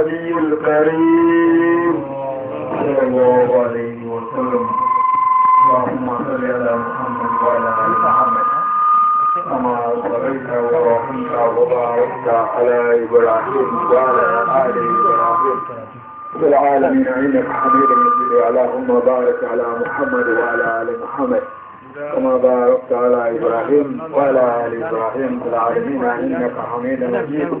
النبي الكريم صلى الله عليه وسلم اللهم صل على محمد وعلى ال محمد كما صليت ورحمت وباركت على ابراهيم وعلى ال ابراهيم في العالمين انك حميد مجيد اللهم بارك على محمد وعلى ال محمد كما باركت على ابراهيم وعلى ال ابراهيم في العالمين انك حميد مجيد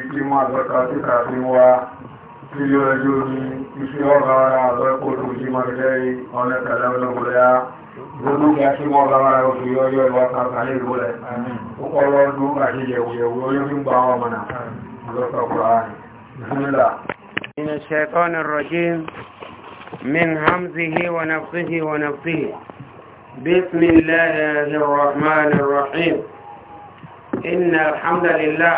من الشيطان الرجيم من همزه ونفخه ونفخه بسم الله الرحمن الرحيم إن الحمد لله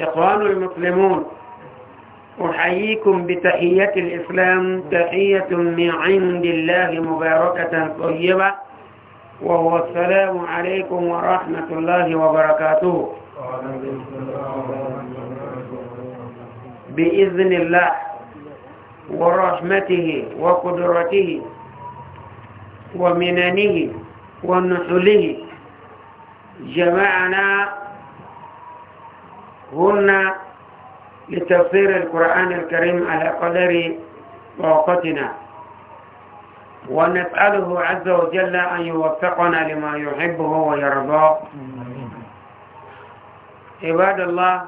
إخوان المسلمون أحييكم بتحية الإسلام تحية من عند الله مباركة طيبة وهو السلام عليكم ورحمة الله وبركاته بإذن الله ورحمته وقدرته ومننه ونحله جمعنا هن لتفسير القرآن الكريم على قدر طاقتنا ونسأله عز وجل أن يوفقنا لما يحبه ويرضاه عباد الله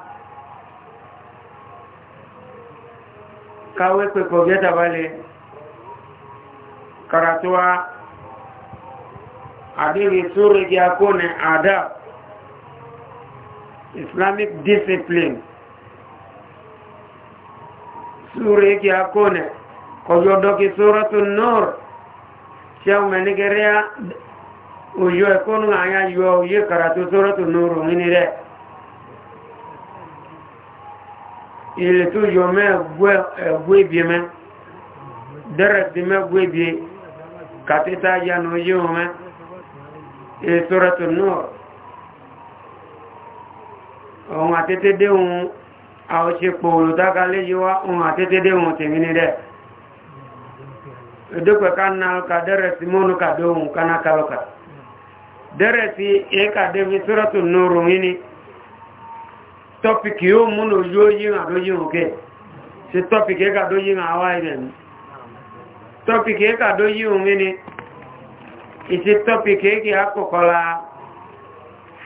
kawai kwaikwai ta bale karatuwa a daidai sun islamic discipline sure ki akone kojo doki suratul nur cheu menigerea uyo ekonu aya yo ye karatu suratul nur nginire ile tu yo me gwe eh, gwe bi me dere di me gwe bi katita ya no yo me e suratul nur ohun àtẹ́tẹ́dé ohun àwọ̀sẹ̀pọ̀ olùdágalé yíó wá ohun àtẹ́tẹ́dé ohun tèmi ní rẹ̀ ẹ̀dọ́pẹ̀ ká na ọkà dẹ́rẹ̀ sí mọ́nù kàdé ohun kánákàlọ́kà dẹ́rẹ̀ sí ẹ̀kàdé fi sọ́rọ̀tù nùrù yìí ni tọ́pìkì yóò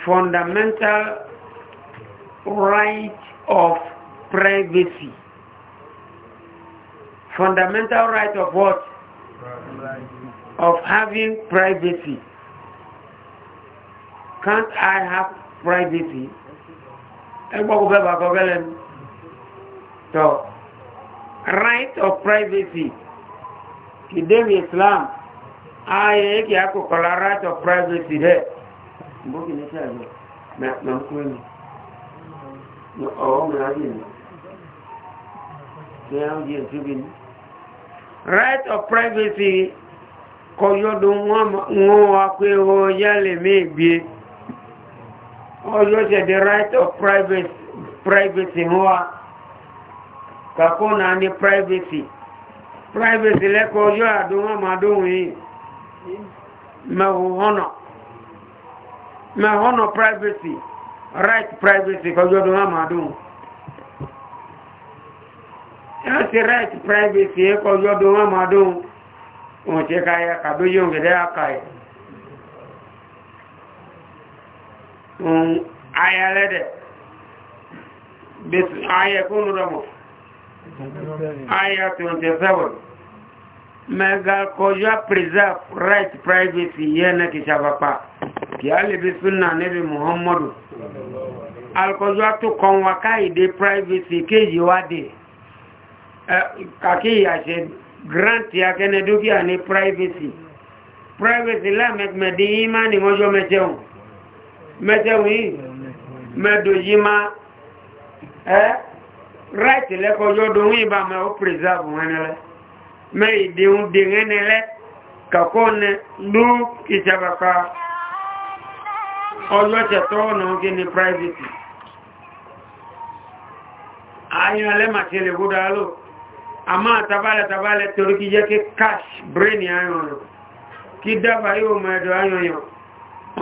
fundamental right of privacy. Fundamental right of what? Privacy. Of having privacy. Can't I have privacy? So, right of privacy. Kìdémi Islam, ayé kìí akọ̀kọ̀lá right of privacy dẹ̀. Mbókì ní ṣe àjọ, mẹ́kúrò ní. ọ̀rọ̀ mìíràn ní kí á ń di right of privacy kọyọ́dún wọn wá right of privacy wá kàkó náà ní privacy privacy lẹ́kọ̀ọ́ ọjọ́ ma máa dóhùn ma mẹ́hùn họ́nà privacy. right privacy kọjọ́ ọdún amadun yóò ti right privacy kọjọ́ ọdún amadun òun ti ka yẹ kàbí yóò gẹ̀dẹ́ àkà ẹ̀ òun ayẹlẹ́dẹ̀ ayẹkún rọ̀mọ̀ ayẹ 27 mega kọjọ́ preserve right privacy yẹ́ na kìsàbàpá kìí alìbí súnà níbi muhammadu alkọ̀zọ́ tó kan wa káìdé privacy kéèyí wádìí kàkí àṣẹ grant akẹ́nẹ́ dúkìá ní privacy privacy lámẹ́kmẹ̀dí ìmá ni wọ́n jọ mẹ́tẹ̀hùn mẹ́tẹ̀hùn yìí mẹ́dòjì má ẹ́ right lẹ́kọ̀ọ́jọ́ dohun ìbá mẹ́ ó preserve wọn lẹ́ mẹ́ ìdíhun dèhun lẹ́ kàkọ́ ní lú ìṣàbàpá ọjọ́ tẹ̀tọ́ ọ̀nà oge ni private ayin alẹ́ màtí lè gúdá lò a máa tabalẹ̀ tabalẹ̀ torí kí jẹ́ kí cash brain ayan rẹ̀ kí dábà yóò mọ ẹ̀dọ̀ ayan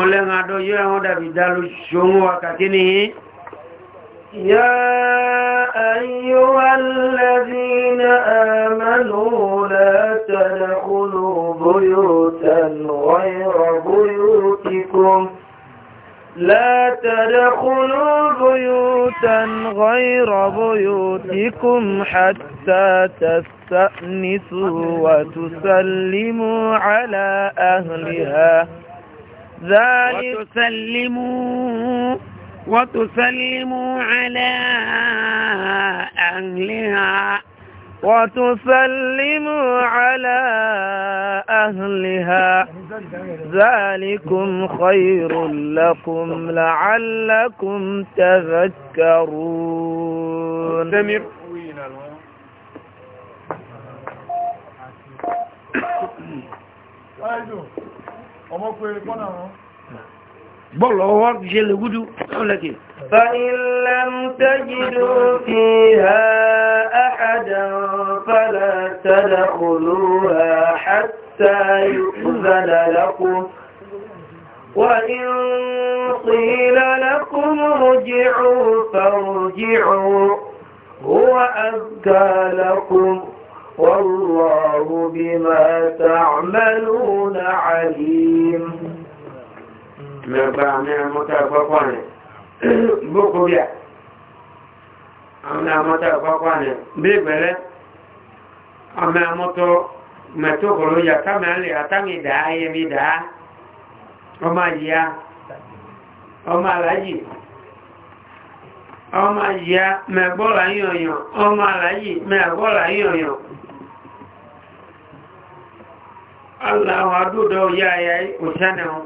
ọlẹ́rin adọ́ yóò àwọn dàbí dálò ṣòun wákàtí ni يا أيها الذين آمنوا لا تدخلوا بيوتا غير بيوتكم لا تدخلوا بيوتا غير بيوتكم حتى تستأنسوا وتسلموا على أهلها ذلك وتسلموا وتسلموا على أهلها وتسلموا على أهلها ذلكم خير لكم لعلكم تذكرون سمير ọmọ pé kọ́nà wọn بل هو جل وجو فإن لم تجدوا فيها أحدا فلا تدخلوها حتى يؤذن لكم وإن قيل لكم ارجعوا فارجعوا هو أذكى لكم والله بما تعملون عليم mẹ́gbà mẹ́mọ́ta ọ̀pọ̀pọ̀ rẹ̀ gbókò àtàmì ìdáa yẹmi ìdáa ọmọ àyíyá ọmọ ma ọmọ àyíyá mẹ́gbọ́là yíyàn ọmọ àlájì mẹ́gbọ́là yíyàn Allah wa dúdọ̀ ya òṣánà wọn.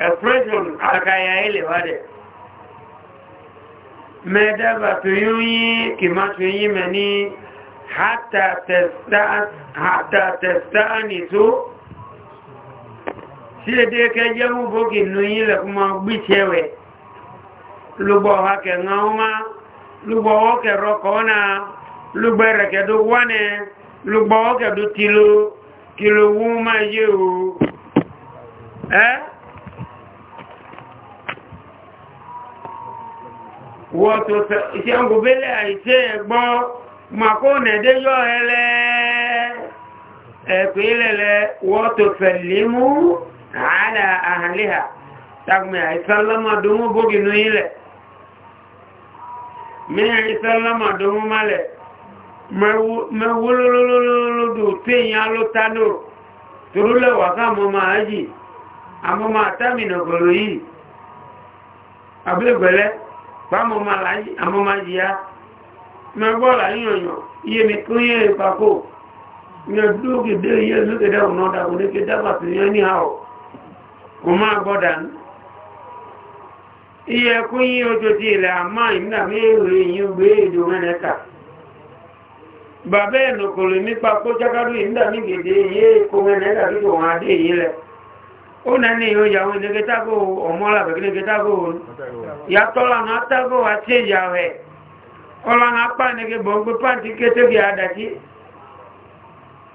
expression àkàyà ilẹ̀ wádẹ̀ mẹ́dàbà tó kima yí kì má tó yí mẹ́ ní hátà tẹ̀stáàni tó sí èdè kẹjẹ́ mú bókì nù hake lẹ́kùnmọ́ gbíṣẹ́wẹ̀ lúgbọ́ ọ̀hákẹ̀ ńlá lúgbọ́ ọ̀kẹ̀ rọ́kọ̀ náà lúgbọ́ ẹ̀rẹ̀kẹ̀ tó wánẹ̀ lúgbọ́ eh? wọ́tò ìṣẹ́gun bẹ́lẹ̀ àìṣẹ́ ẹ̀gbọ́n makónẹ̀dẹ́ yọ ẹlẹ́ ẹ̀pẹ́lẹ̀lẹ́ wọ́tò fẹ̀lẹ́mú àádà àhàlẹ́hà tàbí àìsànlọ́mọdúnmú bóginú ilẹ̀ fáwọn amọ́májíyá ma gbọ́ọ̀lá yíyànyàn iye mi kún yẹ ìpapò ní ọdúnkèdè iye lókèdè ọ̀nà ọ̀dàkùn ní kédàbà tó yẹ ní àwọ̀ kò máa gbọ́dà ní iye kún yí ojú ti ilẹ̀ àmá ìmúdà mẹ́rin yìí gbé èdè mẹ́rẹ́ka bàbá ẹ̀nà kò una niyo jawe negeta go omola be negeta go ya tola nata go ache jawe ola ngapa nege bongo panti kete bi adaki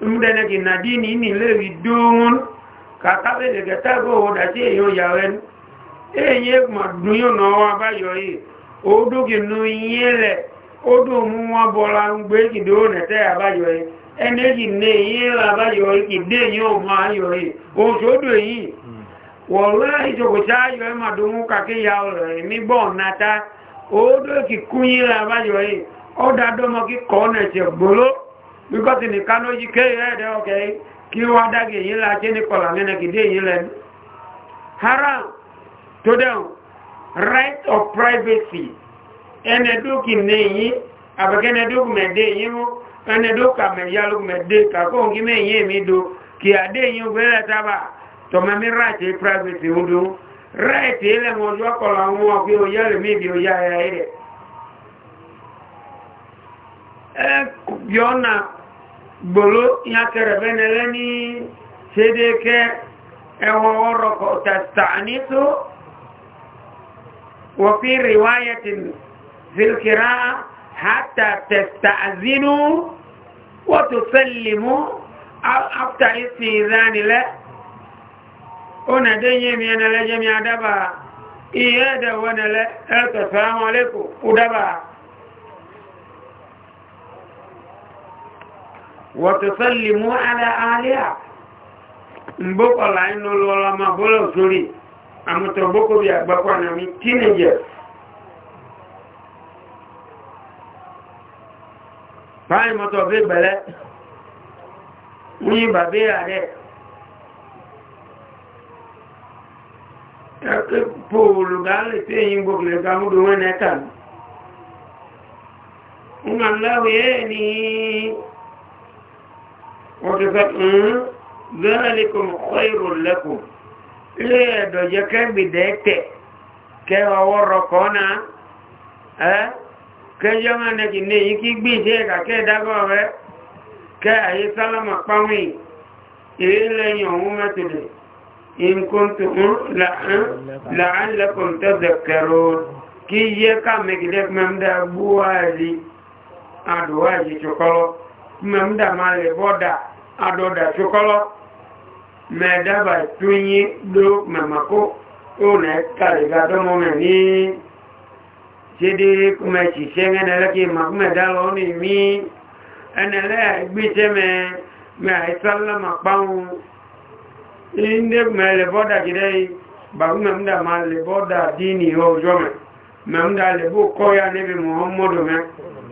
umdena ki nadini ni le vidun kakabe negeta go odache yo jawe e ye ma duyo no wa ba yo yi odu ki nu yele odu mu wa bola ngbe ki do ne te aba yo yi ẹnẹ́jì ní iye làbá yọrí ìdé yóò máa yọrí oṣòdò yìí wọ̀lá ìṣòkòtà ayọ̀ ẹ̀ màdùnmú kàkíyà ọ̀rẹ̀ nígbọ̀ nata. oódó kì kúnyí làbá yọrí ọ̀dà dọ́mọ kí kọ́ ọ̀nà ẹ̀ṣẹ̀ gbòló bíkọ́sì nìkan ló yí kéèrè ẹ̀dẹ́ ọ̀kẹ́ kí wọ́n adágé yìí la ṣe ní haram tó dẹ̀hùn right of privacy ẹnẹ́dókì ní yìí àbẹ̀kẹ́nẹ́dókì mẹ́dẹ́ yìí mú ene do ka me yalu me de ka ko me ye mi do ki ade yin bere taba to me mi right e private undu right ele mo yo ko la mo ki o yale mi bi o ya ya ere e, e yona bolo ya kere benele ni sedeke ewo oro ko tastanisu وفي رواية في القراءة hatta tasta'zinu wa tusallimu after istizani la ona de yemi na la jemi adaba iye da wana la assalamu alaikum udaba wa tusallimu ala aliya mboko la inu lola mabolo suri amuto boko bi agbakwa na mi teenagers báyìí mọ́tọ̀ fi bẹ̀rẹ̀ ní bàbí ààrẹ pòòlù gáàlì tí èyí gbogbo ìgbàmúdò wọn nẹ́ta ní aláwòye ní ọ̀tọ̀fẹ́ ذلكم خير لكم ilé ẹ̀dọ̀ jẹ́ kẹ́gbìdẹ́ tẹ̀ kẹ́ ọwọ́ rọ̀kọ́ náà ẹ́ kẹjọ́ máa nẹ́kì ní èyí kí gbí iṣẹ́ ìkàkẹ́ ìdágọ́ rẹ kẹ àyè sálámà pàmì èyí lẹ́yìn ọ̀hún mẹ́tìlẹ̀ ìkùntùn làálẹ́kùn tẹ́sẹ̀ kẹrọ kí yẹ ká tún yí ló mẹ́màkó ó nẹ́ ní tidi kuma ṣiṣẹ́ ẹnẹ lẹ́kì mọ̀kúnmẹ̀dá lọ ní mí ẹnẹ lẹ́gbíṣẹ́ mẹ́ mẹ́ àìsànlọ́mà páhùn ilé ma lẹ́bọ́dà dínì ọjọ́ mẹ́ mẹ́mdà lẹ́bọ́ kọ́yà níbi muhammadu mẹ́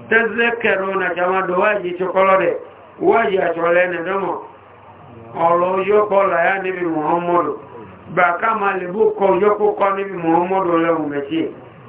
tẹ́sẹ̀ kẹrọ na jamado wáyé ṣokọ́lọ́dẹ̀ wáyé àṣọlẹ̀ nẹ̀dọ́mọ̀ ọ̀rọ̀ ọjọ́ kọ́ láyá níbi muhammadu bàkà ma lẹ́bọ́ kọ́ ọjọ́ kó kọ́ níbi muhammadu lẹ́hùn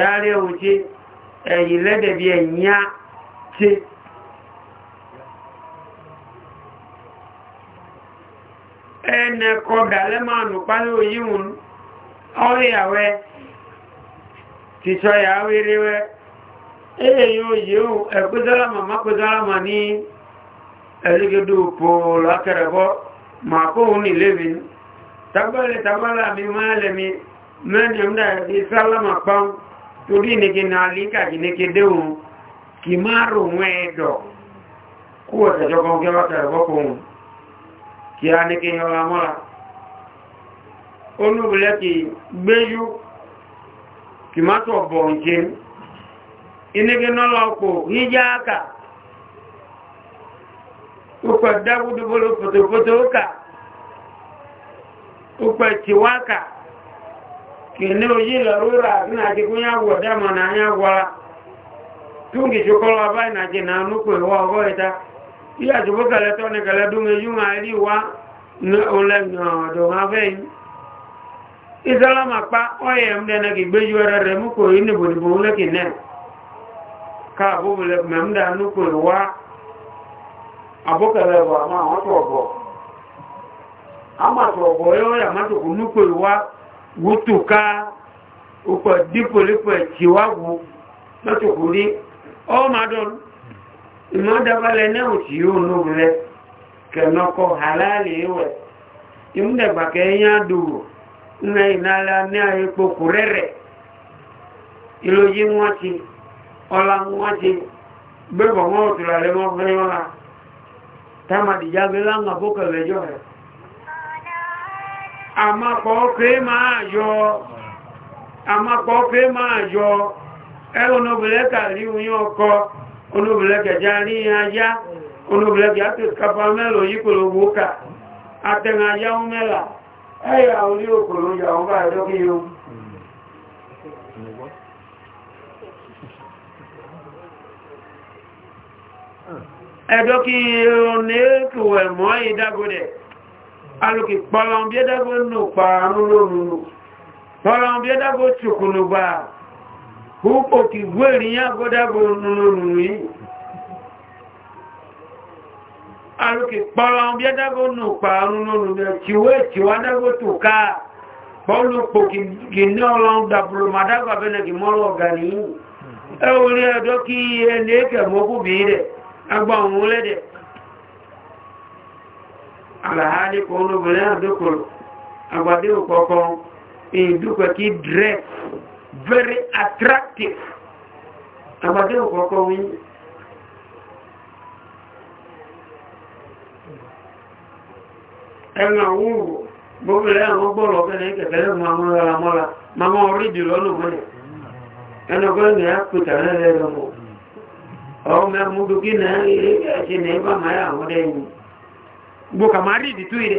ẹ̀rẹ́ òjé ẹ̀yìn lẹ́dẹ̀bí ẹ̀yà tí ẹnẹ kọgà lẹ́mọ̀nù pálẹ́ òyíhùn ọrẹ́yàwẹ́ ti sọyà awérewẹ́ èyí òyí ò ẹ̀kúzọ́lámà mákúzọ́lámà ní ẹ̀lẹ́gẹ́dù pòòlù akẹrẹ̀bọ́ màkóhùn ìlébi tagbálẹ̀ tagbálẹ̀ àmì máa lẹ́mi mẹ́rin ọmọdé ìsálámà pàún tudi nigi nali ka gi nigi deu gi maru ng'wedo kuota jogo onge wakago kun kia nigi nyola mola onubule ki beju gi mato bonjin inigi noloko hijaka ukwa dagudu bolo potopotoka ukwa chiwaka kìíní ojí lọ́rúra ní na kún yá wọ̀ dámọ̀ náà yá wà tún kìí ṣokọ́lọ́ abáyì na jẹ́ náà nú pè wọ́ ọgọ́ ìta tí àtúbọ́ kẹlẹ́ tọ́ ní dị na ejú máa rí wá ní olẹ́yìn ọ̀dọ̀ wọn fẹ́ yìí ìsọ́lámà pa ọ̀yẹ̀ mdẹ́nà kì gbé ju ẹrẹ rẹ̀ mú kò rí nìbòdìbò lẹ́kì náà káàbó bulẹ̀ mẹ́mdà nú pè wá wutuka ukwa dipo lipo chiwagu lọ́tò kò rí ọmọ ìmọ̀dábalẹ̀ náà tí yóò nù rẹ̀ kẹ̀nọ́kọ́ halali wẹ̀ ìmúdàgbàkẹ́ yá dùrù ní ìnála ní àyípo kò ìlòyí wọ́n ti ọlá wọ́n ti gbẹ́bọ̀ wọ́n òtùlà lẹ́mọ́ yọ́la táwọn láwọn àbókẹ̀lẹ́jọ́ rẹ̀ àmapọ̀ pé máa yọ àmapọ̀ pé máa yọ ẹ̀rùn obìnlẹ́kà rí oyún ọkọ onóbìnlẹ́kẹ̀já ní ayá onóbìnlẹ́kẹ̀ àti ìkàpá mẹ́lò yí kò lówó kà àtẹ̀rìn ayá ń mẹ́là ẹ̀yà orí òkòrò yàwó bá ẹjọ́ kí yóò ẹjọ́ kí yóò ní èkùwẹ̀ mọ́ ìdágbòdẹ̀ alùkì pọ̀lọ̀mbíẹ́dágbó nù pàánú lónúlù pọ̀lọ̀mbíẹ́dágbó ṣùkùnù bá púpọ̀ kì gbèrìyàn gbọ́dágbó lónúlù yìí alùkì pọ̀lọ̀mbíẹ́dágbó nù pàánú lónúlù tìwé tìwádágbó tù ká pọ̀lùpọ̀ kì ní àlàáhálì kan olóbìnrin àdókò àgbàdé òkọ̀ọ̀kan ìdúkọ̀ kí dress very attractive àgbàdé òkọ̀ọ̀kan wí ẹ̀rùn àwúrò gbogbo ẹ̀rùn gbọ́lọ̀ ọ̀gẹ́lẹ̀ kẹfẹ́lẹ́ mamọ́ra mọ́ra mamọ́ orí jùlọ lóòmọ́lẹ̀ ẹnàgbọ́n náà ilé ẹ̀ṣẹ́ ní ẹgbàmáyà àwọn ẹ̀yìn gbọ́kà máa rí ìdìtú rẹ̀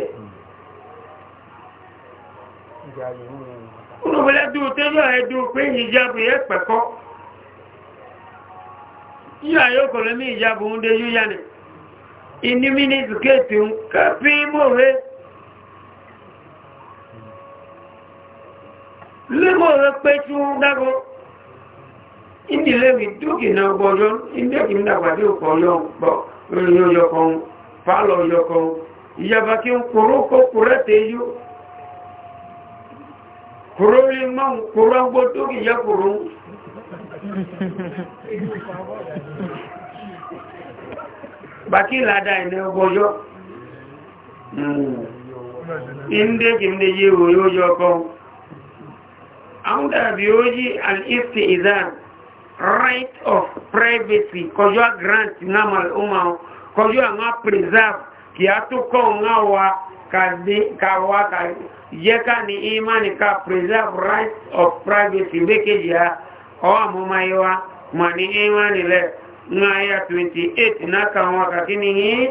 olùgbẹ́lẹ́ dúró tẹ́lọ ẹ̀dùn pé ìjábù yẹ pẹ̀kọ́ yíò àyókòrò ní ìjábù ń dé yíò yánì inú mínítù kéètù ń kápí mòrè lémòrè pé tí ó ń dágó ìdílé mi dúkìá ọgbọ̀jọ́ ìdẹ́kìí ń dàgbàdì òpó yọ ọgbọ̀ lórí yóò yọ kan pálọ̀ yọkọ̀ ìjọba kí ń kúrò kó kúrẹ́ tẹ yó kúrò lè mọ́ kúrò gbótó kì yẹ kúrò bàkí ìlàdà ìdẹ ọgbọ́jọ́ ìndé kì ń dé òyó yọkọ̀ al-ifti idan right of privacy kọjọ́ grant náà mọ̀ kọjú àwọn preserve kì á tó kọ́ ọ̀nà wa ká wá ká yẹ ká ní imani ká preserve right of privacy mékèjì á ọwọ́ àmúmá yẹ wa mà ní imani lẹ̀ ní 28 náà ká kàkí ni yìí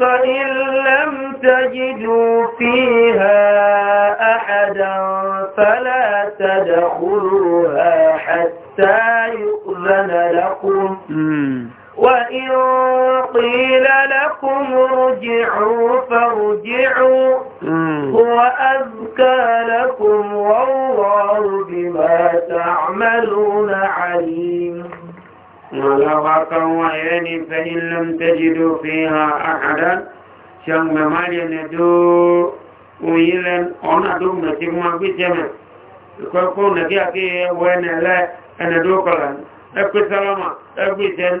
فإن لم تجدوا فيها أحدا فلا تدخلوها حتى يؤذن لكم وإن قيل لكم ارجعوا فارجعوا هو أذكى لكم والله بما تعملون عليم ولغاك يعني فإن لم تجدوا فيها أحدا شان ما ندو ويلا أنا دوم نتيب ما بيجمع كوكو يا أخي وين لا أنا دوكلا أبي سلامة أبي سلامة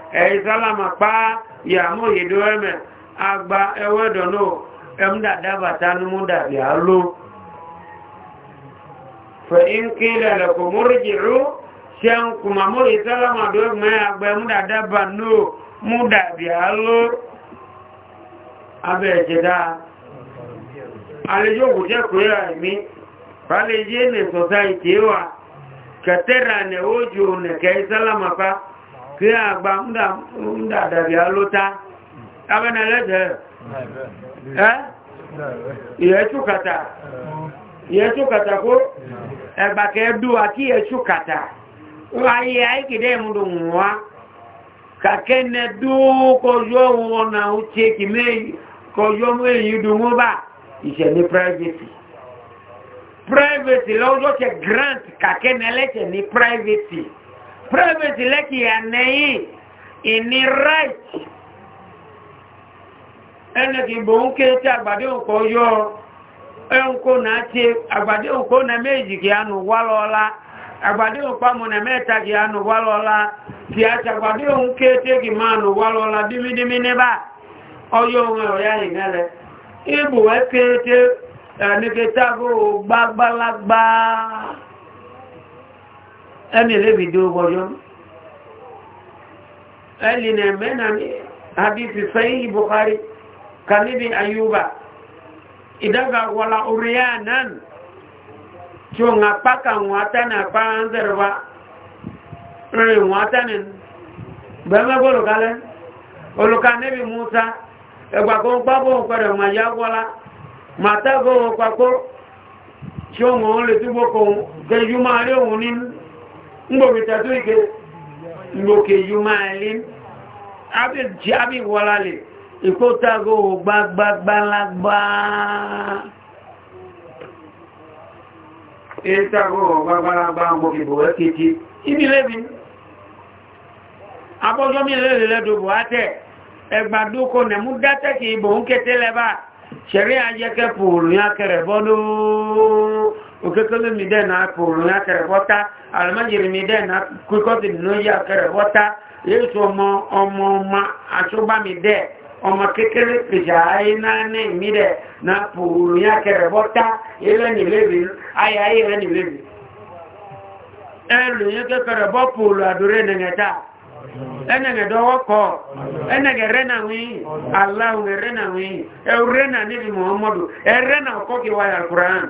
ẹ̀yí sálàmà pa yàmú ìdó ẹ̀mẹ̀ agba ẹwẹ́dọ̀ náà ẹmúdà dábàtà ní mú dàbí àlò fẹ̀ ń kí lẹ̀lẹ̀kọ̀ mórìjìrú ṣe ń kùmà mórì sálàmà dó ẹ̀mẹ̀ agba ẹmúdà dábà náà mú dàbí àlò abẹ́ ẹ̀jẹ̀dá àlejò kò jẹ́ kúrẹ́ àìmí fàlejì ẹ̀nẹ̀ sọ̀sáìtì wà kẹtẹ́rà nẹ̀ ó jù nẹ̀kẹ́ sálàmà tí àgbà ń dàdàbí alóta abẹ́nà lẹ́jẹ̀ ẹ́ ìyẹ́tùkàtà ìyẹ́tùkàtà kó ẹgbàkẹ́ dúwà kí ìyẹ́tùkàtà wáyé àìkìdẹ́ ìmúdò wọ́n kàkẹ́ nẹ dúkọjọ́ wọn náà ó tí èkì kọjọ́ mú èyí dùn wọ́n bá ìṣẹ̀ ní private private lọ́jọ́ tẹ grant kàkẹ́ nẹ lẹ́tẹ̀ ní private private lekki ànẹ́yìn ìní right ẹnìkì bò ń ké tí àgbàdé òkò yọ ẹnkó e náà tí àgbàdé òkò na méjì gị ánù ọla lọ́la àgbàdé na eme mẹ́ta kì ánù wá lọ́la tí a ṣàgbàdé òun ké tí kì máa nù ohun ẹ̀rọ̀yá ẹni lébi dé ọgbọ̀jọ́ ẹlìnà mẹ́nà hadithi sahihi bukhari kanibi ayuba idaga wala uriyanan tí ó ń apáka wọn atánà apá ń zẹ̀rọ bá rìn wọn atánà bẹ́ẹ̀mẹ́gbẹ́ olùkalẹ́ olùka níbi musa ẹgbàkọ́ ń pápọ̀ òpẹrẹ ma yá wọ́lá ma tábọ̀ òpapọ̀ tí ó ń lè túbọ̀ kò kéjú máa rí nínú ngbòmìtà tó ike lòkè yìí máa lé abẹ́jì abẹ́wọ́lá lè ìkótágó gbágbágbálágbá ìtàgó gbágbálágbá mọ́kìbò ẹ́kìtì ìmìlẹ́bí abọ́jọ́ mílẹ̀ lẹ́dọ̀bọ̀ átẹ́ ẹgbàdókò nẹ̀mú dátẹ́kì ìbò ń kété lẹ́bà ṣẹ̀rí ajẹ́kẹ́ pòòrùn akẹrẹ̀bọ́dó okekele mi dɛ na kporo ya kɛrɛ bɔta alimajiri mi dɛ na kukɔsi no ya kɛrɛ bɔta yesu ɔmɔ ɔmɔ ma atsoba mi dɛ ɔmɔ kekele pèsè ayi nane mi dɛ na kporo ya kɛrɛ bɔta yɛlɛ ni levi ayi ayi yɛlɛ ni levi ɛlu yɛ kɛkɛrɛ bɔ kporo adore nɛgɛ ta ɛnɛgɛ dɔwɔ kɔ ɛnɛgɛ rɛna wi alawu rɛna wi ɛwurɛna nibi muhammadu ɛrɛna kɔkiwa yakuran.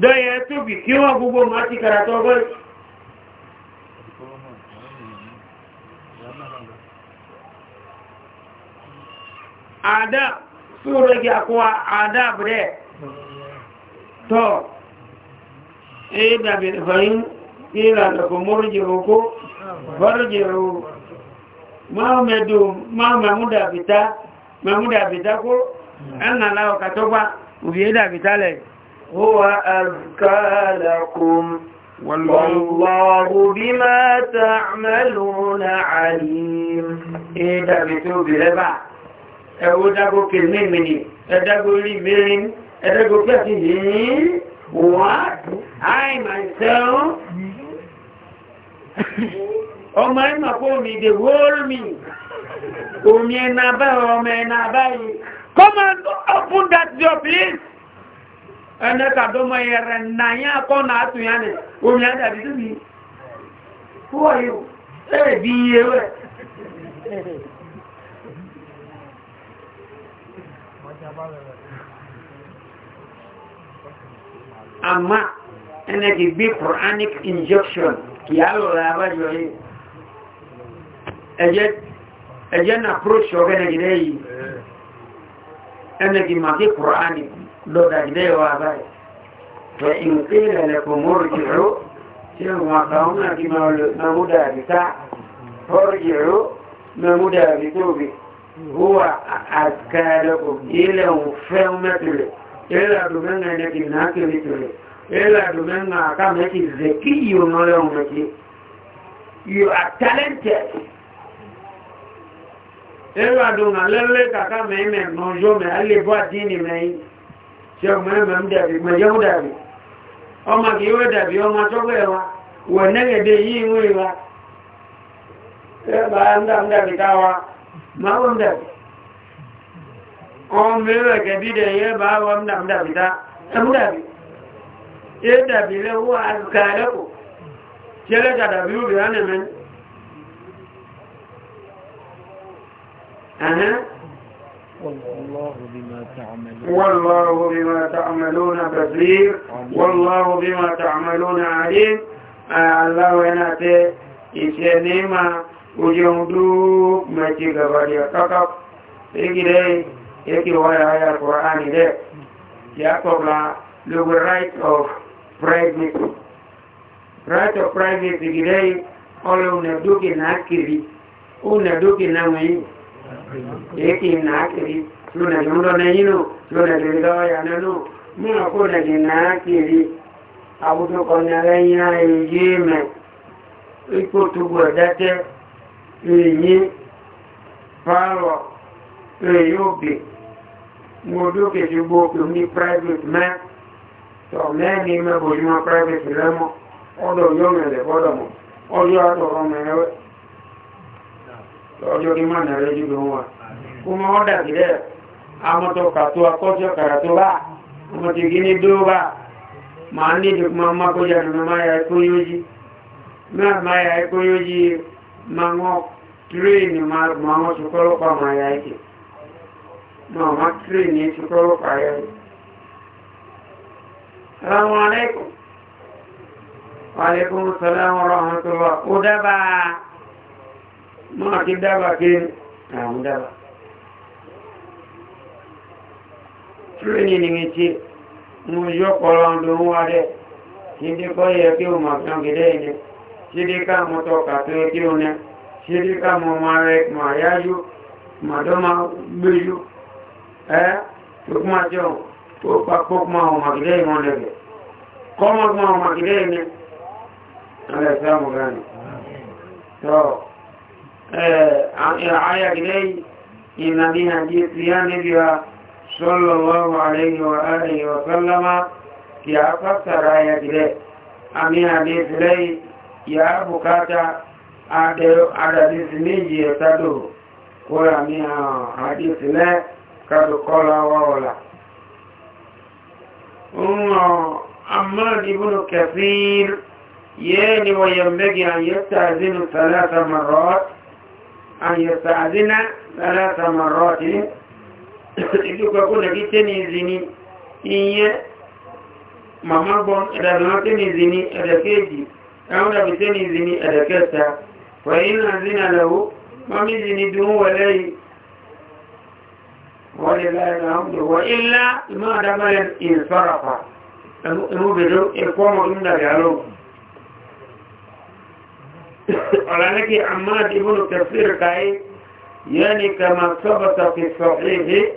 dọ́yẹ tóbi kí wọ́n gbogbo máa ti kàrà tó ọgbọ́n àdá sóòrò gí àkọwà àdá brẹ̀ tọ́ èyí dàbí fàyín kí ìrànlọ́kọ̀ mọ́rọ̀ jẹ́rọ kó fọ́rọ̀ jẹ́rọ máa mẹ́dù máa mẹ́múdà bìtá kó ẹ̀nà aláwọ̀ kàtọ́gbà òbí ẹ̀dà bìtá هو أذكى لكم والله بما تعملون عليم إيه دابتو بلبع ẹwọ́ مني kèrè mìírì ẹdágbó rí mìírín ẹdágbó pẹ́sì yìí what i myself ọmọ ẹ̀mọ̀ kó mi dè wọ́ọ̀lù mi omi ẹ̀nà báyìí ọmọ ẹ̀nà báyìí come and open that door please ẹni kàdọ́mọ ẹ̀rẹ̀ nàyà kọ́nà àtúnyàní omi àdàbí tó bí wọ́n yóò ẹ̀rẹ̀ bí iye rẹ̀ àmá ẹni kì gbé quranic injection kì á lọ rẹ̀ abájọ yìí ẹjẹ́ na approach ọ̀gẹ́nẹ̀gẹ́dẹ́ yìí ẹni kì máa kí quranic lọ́dà ilé wa báyìí fẹ́ ìpínlẹ̀ lẹ́kùn mọ́rùjìrò tí wọ́n kàún náà kí mọ́múdà àbíká mọ́rùjìrò mọ́múdà àbítóbi wúwà àkàlẹ́kùn ilẹ̀ òfẹ́ mẹ́tìlẹ̀ ilẹ̀ àdùmẹ́nà ẹ̀kì náà kiri tìlẹ̀ ilẹ̀ àdùmẹ́nà àkàmẹ́kì zẹ̀kí yóò nọ́lẹ̀ òun mẹ́kì you are talented ilẹ̀ àdùmẹ́nà lẹ́lẹ́ kàkà mẹ́mẹ́ nọ́jọ́ mẹ́ alẹ́bọ́ àdínì mẹ́yìn tí ọmọ ẹ̀mẹ̀ ń dàbí mẹ́jọ́ ń dàbí ọmọ kì yóò dàbí ọmọ tọ́gbẹ̀ wa wọ̀ nẹ́gẹ̀dẹ̀ yìí ń rí wa ẹ̀bà ń dàbí káwa máa ń dàbí ọmọ ẹ̀rẹ̀ kẹbí dẹ̀ yẹ bá wọ́n ń dàbí ká ẹ̀mú dàbí yẹ dàbí lẹ́wọ́ àkàrẹ́kù tí ẹlẹ́ta dàbí obìnrin والله بما تعملون والله بما تعملون بصير والله بما تعملون عليم الله يناتي إسيانيما وجهدو متي غباريا كاكاك إيكي دي إيكي يا هيا القرآن دي يأكل لغو right of privacy right of privacy إيكي دي أولو ندوكي ناكري أولو ندوكي ناوين eki nakiri luna jumro na yinu luna jirido ya nanu ni akuna jinakiri abuto konya lenya yime iko tubu adate yi paro eyobi ngodo ke tubu ko ni private man to me ni me bo ni private lemo odo yo me le bodo mo odo ato ro me ọjọ́ ní mọ́nà rẹ̀ jùlọ wọn kó mọ́ ọ́dà sílẹ̀ amọ́tọ̀ kàtó akọ́ṣọ́ kàràtó bá ọmọ ti gí ní dó bá ma ń lédè kó máa mákójá ní máyà ẹkọ́ yójí máyà ẹkọ́ yójí ma wọ́n tírèèni ma wọ́n tukọ́lọ́pàá máyà ẹkẹ́ ma wọ́n tírèèni tukọ́lọ́pàá yẹ Assalamu alaikum. Wa alaikum assalam wa rahmatullah. Ó dábàá máa kí dábà kí àwọn dábà tírénì ni mi ti mú yọ pọ̀lọ́ ọdún wá dẹ̀ kí n dé kọ́ yẹ kí o máa fẹ́ gẹ́dẹ́ ilẹ̀ ṣe dé ká mọ́ tọ́ka tó yẹ kí o ní ṣe dé ká mọ́ máa rẹ máa yájú máa dọ́ máa gbéjú ẹ́ tó kú máa jẹun tó papọ̀ kú máa ọmọ gẹ́dẹ́ ìmọ̀ lẹ́gbẹ̀ẹ́ kọ́ mọ́ kú máa ọmọ gẹ́dẹ́ ìmọ̀ lẹ́gbẹ̀ẹ́ Eh, aya ilai ina ni hadithi ya nabiwa sallallahu alayhi wa alihi wa sallama ya fassara ya ile ami hadithi ilai ya bukata adadisi méjì ẹ̀tàdò kóra mi hadithi ilẹ̀ kàdùkọ́lá wọ́ọ̀lá أما أن يستأذن ثلاث مرات إذوك يقول لك تنزيني إيه ماما بون إذا تنزيني إذا كيجي أو لك تنزيني إذا كتا فإن أذن له ما مزني دون ولي ولله الحمد وإلا ما دمل إن صرف إنه بدو إقوام من دلالهم ولكن हालांकि ابن كثير तफसर يعني كما ثبت في सबत फी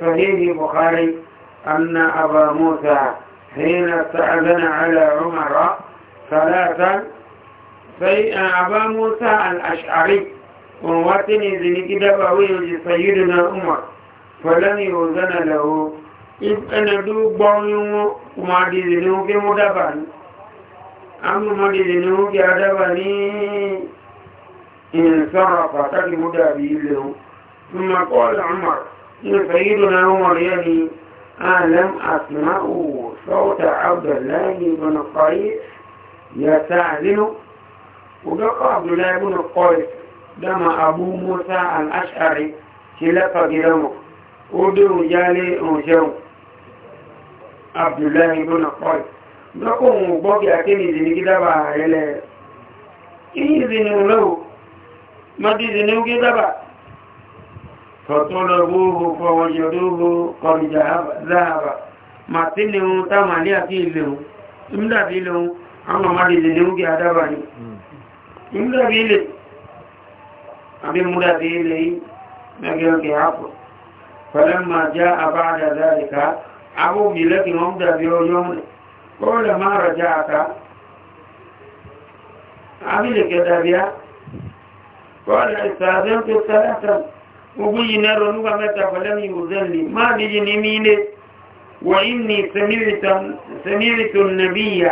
सहीह صحيح जो ان ابا موسى حين استاذن على عمر ثلاثا في ابا موسى الاشعري وواتني ذنك دبوي سيدنا عمر فلم يوزن له إذ أنا دوب بعيون وما دي ذنوك مدبان amúmọ́dìdì ni ó kí adába ní ìrìnsọ́rọ̀ pàtàkì mú dàbí ilé o túnmọ̀ kọ́ọ̀lù àmàr ní fẹ̀yìdù náà wọ́n yẹ́ ni alam asma'u sọ́ọ̀tà abdullahi bin qais ya sa'adinu ọdọ́kọ̀ abdullahi bin qais dama lọ́kọ̀ òun gbọ́ kí akémi ìzìní kí dábà ẹlẹ́ ìyí ìzìní lọ́wọ́ mọ́tí ìzìní kí dábà tọ̀tọ́lọ́gbóhó fọwọ́yọ̀dóhó kọrìjà záàbà ma tí ni ohun táàmà ní àti ilé ohun ìmúdàbí ilé ohun àwọn ọmọdé ìzìní kí adábà ní ìmúdàbí ilé àbí múdàbí ilé yìí mẹ́gẹ́gẹ́ àpọ̀ pẹ̀lẹ́ قول ما رجعت عمل كذا بيا قال استاذنت الثلاثة وبي نار نوبة متى فلم لي ما بيجي نميني وإني سمعت سمعت النبي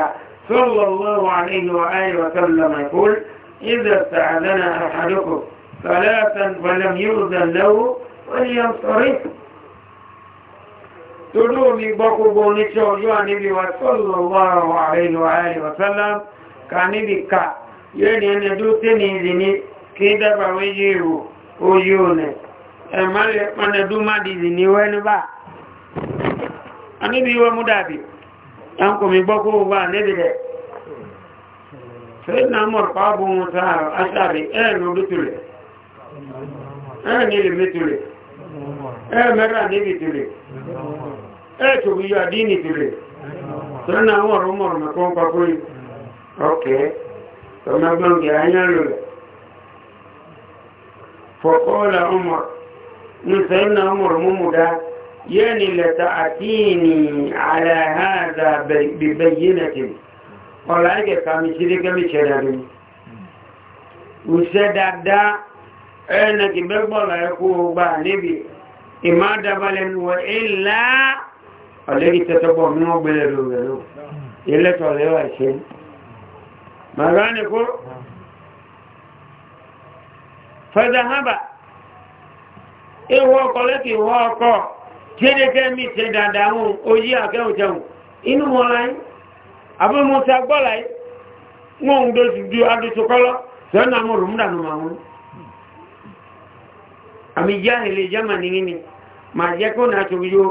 صلى الله عليه وآله وسلم يقول إذا استأذن أحدكم ثلاثا فلم يؤذن له فلينصرف تلومي بقو بونيتي وجوا نبي وصلى الله عليه وآله وسلم كان بكا يعني أن دوتني ذني كيدا بويجيو ويوني أما لما ندوما دي ذني وين با أنبي ومدابي أنكم بقو با نبي ده سيدنا عمر قابو متعار أشعري أين ودتولي أين اللي متولي أين مرة نبي تولي ẹ̀ẹ́tò wíyọ àdínì ìbìlẹ̀ tọ́nà àwọn ọ̀rọ̀ mọ̀rọ̀ mẹ́kọ́ papọ̀ yìí ọ̀kẹ́ tọ́mọgbọ́ngẹ̀ ayánlò rẹ̀ fọ́kọ́ọ̀lá ọmọ nìfẹ́nà ọmọrọ̀ múmúdá yẹ́ni lẹ́ta àtíìní àlàáhàdà bẹ̀yẹ́nẹ̀tì ọ̀lá ẹgẹ̀ kàmì síríkẹ́mì ṣẹ̀dàdùn ìṣẹ́dàdá ẹ̀ẹ́nẹ̀kì ọgbà níbi ìmádàbalẹ̀ wọ̀ ilá ọ̀lẹ́gì tẹ́tọ́gbọ̀n ní wọ́n gbẹ̀rẹ̀ rẹ̀ rẹ̀ ilẹ́tọ̀ lẹ́wà ìṣẹ́ màá ní kó fẹ́dàhábà ìwọ́ ọkọ̀ lẹ́kì ìwọ́ ọkọ̀ jẹ́dẹ́kẹ́ mi ṣe dàdàmù oyí àkẹ́hùnjẹun inú wọn láyé abúmọ́ta gbọ́láyé wọ́n ń dojú adóṣokọ́lọ́ sọ́nà mọ́ rùmdànù màmú àmì jáhìlì jẹ́mà nìyí ni màá jẹ́ kó náà tó yóò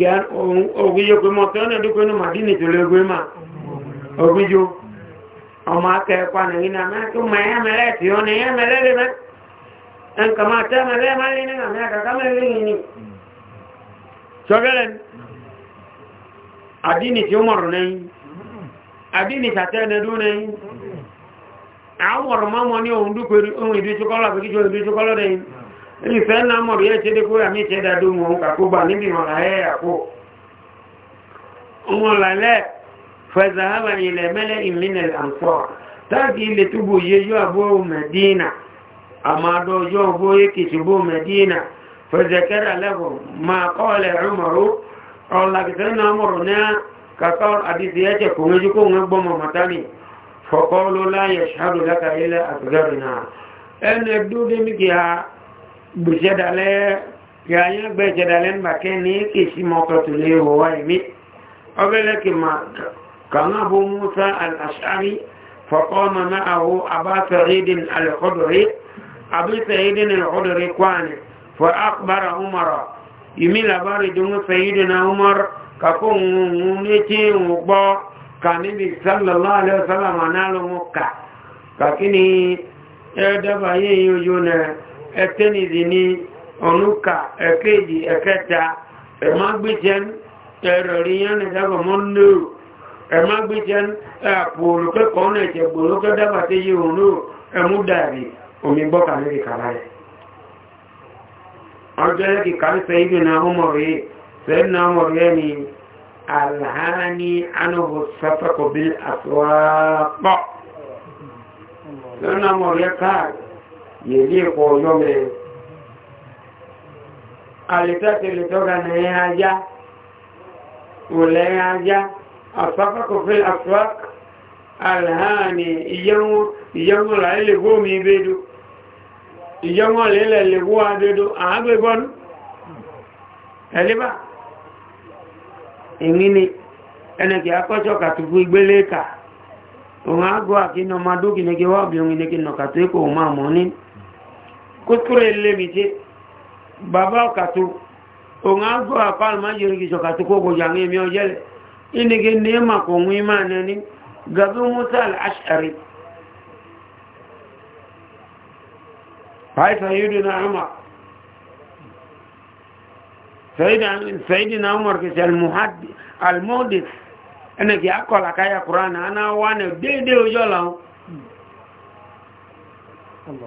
ogúnjó pé mọ́ tọ́nà dúkọ́ ní màdínì tó lé gbé máa ogúnjó ọmọ akẹ́ẹ̀kọ́ nìyí náà mẹ́kí mọ̀ ẹ̀yẹ́ mẹ́lẹ́ tí ó ní ẹ̀yẹ́ mẹ́lẹ́ lè mẹ́ ẹnkà máa tẹ́ mẹ́lẹ́ máa ìfẹ́ ńlá mọ̀rọ̀ yẹ́ ṣédé kó àmì ìṣẹ́ dàdó mọ̀ ń kàkógbà níbi ìrànlá ẹ̀ àkó wọn lálẹ́ fẹ̀zàhálà ilẹ̀ mẹ́lẹ̀ ìmìnà àǹsọ̀ táàkì ilẹ̀ túbò yẹ yọ àbó mẹ́dínà àmàdọ̀ yọ àbó èkìtì bó mẹ́dínà fẹ̀zẹ̀kẹ́rà lẹ́kọ̀ máa kọ́ọ̀lẹ̀ rúmọ̀rú ọ̀làkìtẹ́ náà mọ̀rọ̀ náà kàkọ́ àdìsí ẹ̀jẹ̀ gbèsèdalẹ yàyà gbèsèdalẹ nbàkẹ ní kìsì mọkàtúlẹ wọwá ìmí ọbẹlẹ kìmà kàn abu musa al-ashari فقام معه أبا سعيد الخدري أبي سعيد الخدري كان فأخبر عمر يميل بارد سيدنا عمر كقوم نتي وقبا كان صلى الله عليه وسلم نال مكة لكن هذا بأيه يجونه ẹ̀kẹ́nìdì ní ọ̀nùkà ẹ̀kẹ́dì ẹ̀kẹta ẹ̀mágbìjẹn ẹ̀rọ̀ríyàn ẹ̀dàgbọ̀mọ́ lóò ẹ̀mágbìjẹn ẹ̀pọ̀ olùkẹ́kọ̀ọ́ náà ìjẹ̀gbò olókẹ́ dábàtẹ́ yìí òun lóò ẹ̀múdàrí omi gbọ́kà lórí kàrá ẹ̀ ọjọ́ ẹ̀kì kan sẹ́yìn náà ọmọ rẹ̀ sẹ́yìn náà ọmọ rẹ̀ ni alhani anubu safakobi asuwa pọ̀ sẹ́yìn náà ọmọ rẹ̀ káàkiri yèrí ẹ̀kọ́ ọjọ́ mẹ́rin alìtẹ́tẹ̀lẹ̀ tọ́gà nẹ̀yìn ajá òlẹ́yìn ajá àfáfákọ̀fẹ́ àfák alìhánì ìyẹ́wọ̀n láìlẹ̀gbó mi ibédó ìyẹ́wọ̀n lẹ́lẹ̀lẹ̀gbó adédó àágbégbọ́nú ẹ̀lébà ìrìnì ẹnẹ̀kì akọ́ṣọ́ kàtùkú igbélé kà òun àgọ́ àkínà ọmọdókì ní kí wọ́n bí orin ní kí nọ̀kàtù ẹkọ̀ òun máa mọ́ kuskure lemite baba katu onga go apal ma yirgi so katu ko go yangi mi ojele inige nema ko ngima nani gabu musa al ashari hay sayyidina umar sayyidina sayyidina umar ke al muhaddi al muhdith ene ki akola kaya qur'an ana wane dede ojola Allah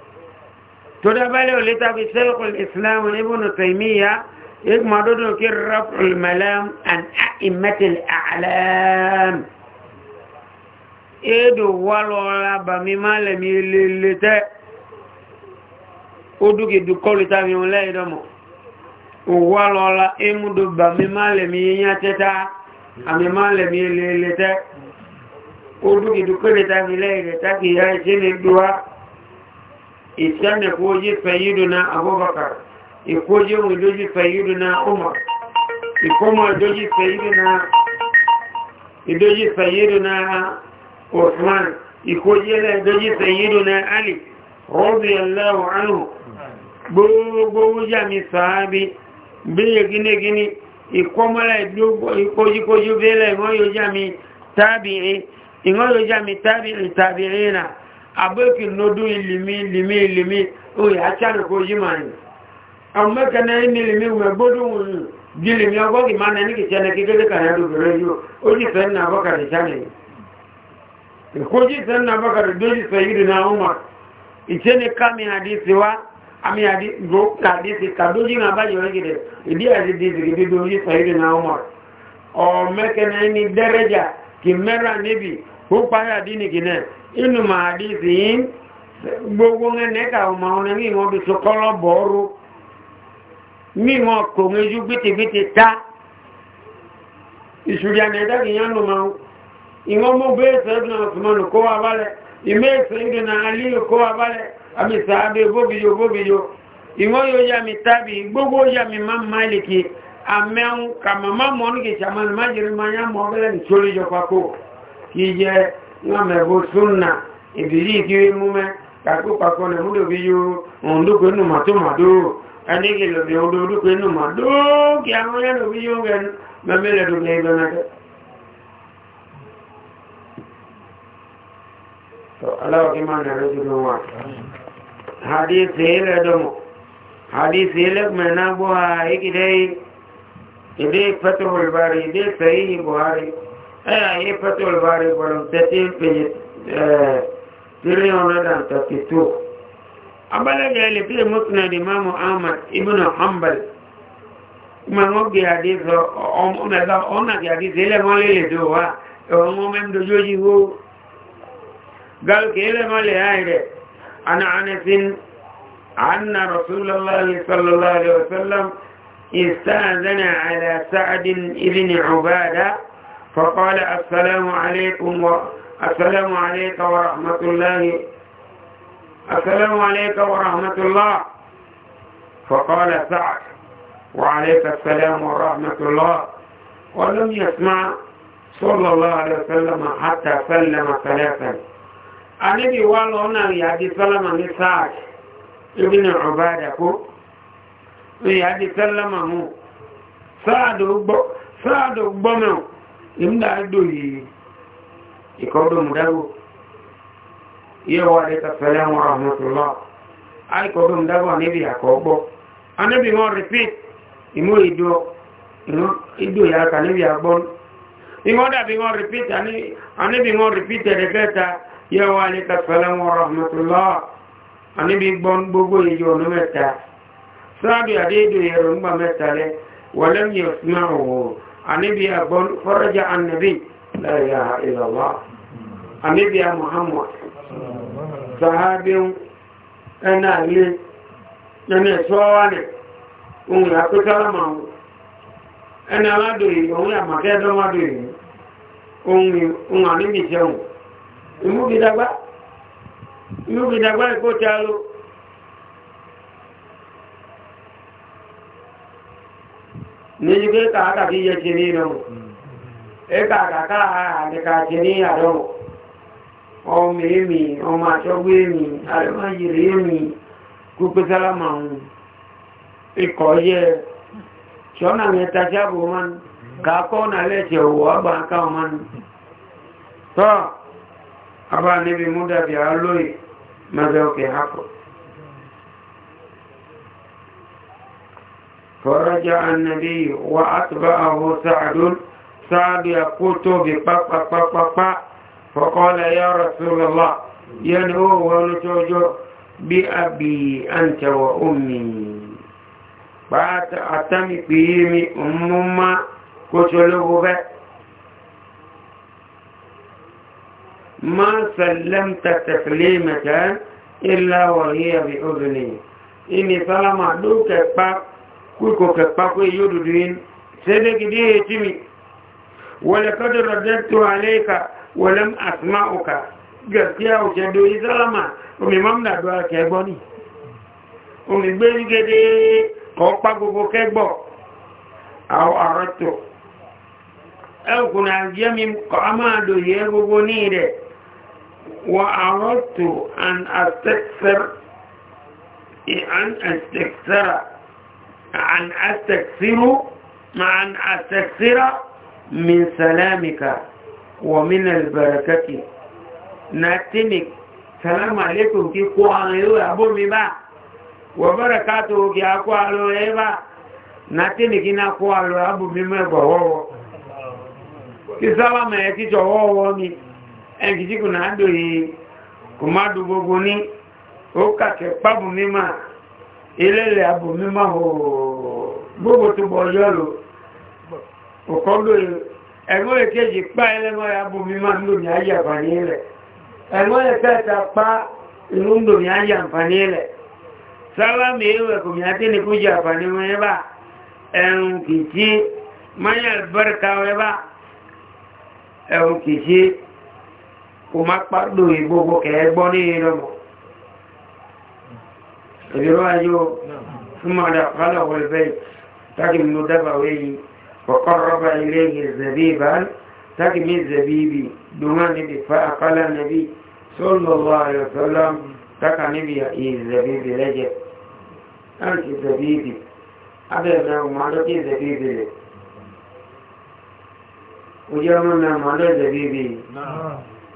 toda bale ulita fi sharh al-islam ibn taymiya ikma dodo ki raf al-malam an a'immat al-a'lam edo walola ba mi male mi lelete oduke du kolita mi on leido mo walola emudo ba mi male mi nyateta ami male mi lelete oduke du kolita mi leide taki ya jini duwa ìtẹ́nà kójí fẹ̀yìdùnà abubakar ìkójí ohun ìdójí fẹ̀yìdùnà umar ìkómọ̀ ìdójí fẹ̀yìdùnà osman ìkójí ẹlẹ́ ìdójí fẹ̀yìdùnà ali radiyallahu anhu gbogbo jami sàábi bí i gínegíní ìkómọ̀lá ìkójíkójú bẹ́lẹ̀ ìwọ́n yóò jami tábìrì ìwọ́n yóò jami tábìrì tábìrì abeki lodu ilimi limi ilimi oye achari ko yi mani amma kana ni limi we bodu un gilimi ogo ki mana ni kichana kigele kana do reyo oji sanna baka de chane ko ji sanna baka de doji sayyidina umar ichene kami hadithi wa ami hadithi go hadithi kadoji na ba yo gide idi hadithi gide doji sayyidina umar o mekana ni daraja kimera nabi ko pa hadini gine inú máa dí sí gbogbo ẹnẹ́ta ọmọ ọ̀nà mímọ̀ bí sọkọ́lọ́ bọ̀ọ́rú mímọ̀ kò ń jú bítibíti ta ìṣúrí àmẹ́ta kì yán nù máa ìwọ́n mú bẹ́ẹ̀ sẹ́dùn ọ̀tùmọ̀nù kó wa balẹ̀ ìmẹ́ ìsẹ́dùn àlíyò kó wa balẹ̀ ebo sàábẹ̀ ebo bóbiyò ìwọ́n yóò yá mi gbogbo mi ka ma na mebo sunna ibiri ikiwe mume kako kako na mudo biyo mundu kwenu matumado anige lo bi odo odo kwenu mado ki amoya lo biyo gen mamele do ngai bana ke to alaw ki man na rejulo wa hadith hele do hadith hele mena bo ha bari idai sahih ayé pẹ́tọ́lù bá rí bọ́lọ̀ 13 page 332 abálẹ́gẹ̀ ilẹ̀ fílẹ̀ mọ́sánà di mamu ahmad ibn hanbal ma wọ́n gbé àdíṣọ́ ọmọ àdíṣẹ́ ilẹ̀ mọ́ lè tó wá ẹ̀wọ̀n mọ́ mẹ́m dojójí wó gálùkì ilẹ̀ mọ́ lè àìrẹ̀ ana anisin anna rasulallah sallallahu alaihi wasallam استاذن على سعد ابن عبادة. فقال السلام عليكم و... السلام عليك ورحمة الله السلام عليك ورحمة الله فقال سعد وعليك السلام ورحمة الله ولم يسمع صلى الله عليه وسلم حتى سلم ثلاثا النبي والله يادي يهدي سلم من سعد ابن عبادة يهدي سلمه سعد سعد بمه imda doli ikodo mdago iyo wale ka salamu wa rahmatullah ai kodo mdago anabi akobo anabi mo repeat imo ido imo ido ya ka anabi agbon imo da bi mo repeat ani anabi mo repeat reketa iyo wale ka salamu wa rahmatullah anabi gbon gbogbo iyo no meta sabi adedo yero ngba meta le walam anibi agbon faraja annabi la ilaha illallah anibi muhammad sahabin ana le nene awa ne un ya kutala ma ana la do yi un ya ma ke do ma do yi un un anibi imu bidagba imu bidagba ko talo ní ike kàákà kí yẹ ti ní ìdánwò ẹ̀ka kàkà àdìkà ti ní àdánwò ọmọ èmì ọmọ àṣọgbé èmì àdìmáyèrè èmì gbogbo sálámà ọ̀hún ikọ̀ yẹ ṣọ́nà mẹ́ta ṣáàbù wọn kàákọ́ náà lẹ́tẹ̀ òwò àgbà ká wọn tọ́ abánibi múdàbí alóyè mẹ́fẹ́ òkè hapọ̀ فرجع النبي وأتبعه سعد سعد يقوت بقق قق فقال يا رسول الله ينهو ونتوجه بأبي أنت وأمي بعد أتمي فيهم أمما كتلوه بك ما سلمت تسليمة إلا وهي بأذني إني سلم دوك باب kuko kakpako yududuin sedegidi hetimi ولقد رددت عليك ولم أسمعك gaskiya òṣè dorí sálàmà omi mọ́mdàdó akẹgbọ́ ni omi gbé ní gẹ́dẹ́ ọpá gbogbo kẹgbọ́ àrọ́ tó ẹkùn àjẹ́ mi e an àstẹ́ksára an astaksiru an astaksira min salamika wa min albarakati na tini salamu alaikum ki ko an yi abu mi ba wa barakatu ki ako alo e ba na tini ki na ko alo abu mi me bowo ki salamu e ki jowo wo mi en ki ji kuna do yi kuma du gogo ni o ka ke pabu mi ma ilẹ̀lẹ̀ àbò mímọ̀ gbogbo tó bọ̀ ọjọ́ e. lò ọkọ̀ lórí ẹgbọ́n ìkéjì pa ẹlẹ́mọ́ àbò mímọ̀ lórí ayé àǹfààní rẹ̀ ẹgbọ́n ìkẹta pa ìlú lórí ayé àǹfààní rẹ̀ sálámì ìwẹ̀ kò ní àti nìkú jẹ àǹfààní wọn ẹ bá ẹ̀rùn kìí máyà àlùbáríkà wọn kò má pàdó ìgbogbo kẹ̀ẹ́gbọ́n ní ìrọ̀mọ̀ رواية ثم دخله البيت تجم دبوي وقرب إليه الزبيب تجم الزبيب دمان دفاع قال النبي صلى الله عليه وسلم تكا نبي الزبيب لجب أنت الزبيب أبدا معدك الزبيب لك وجمعنا معدك الزبيب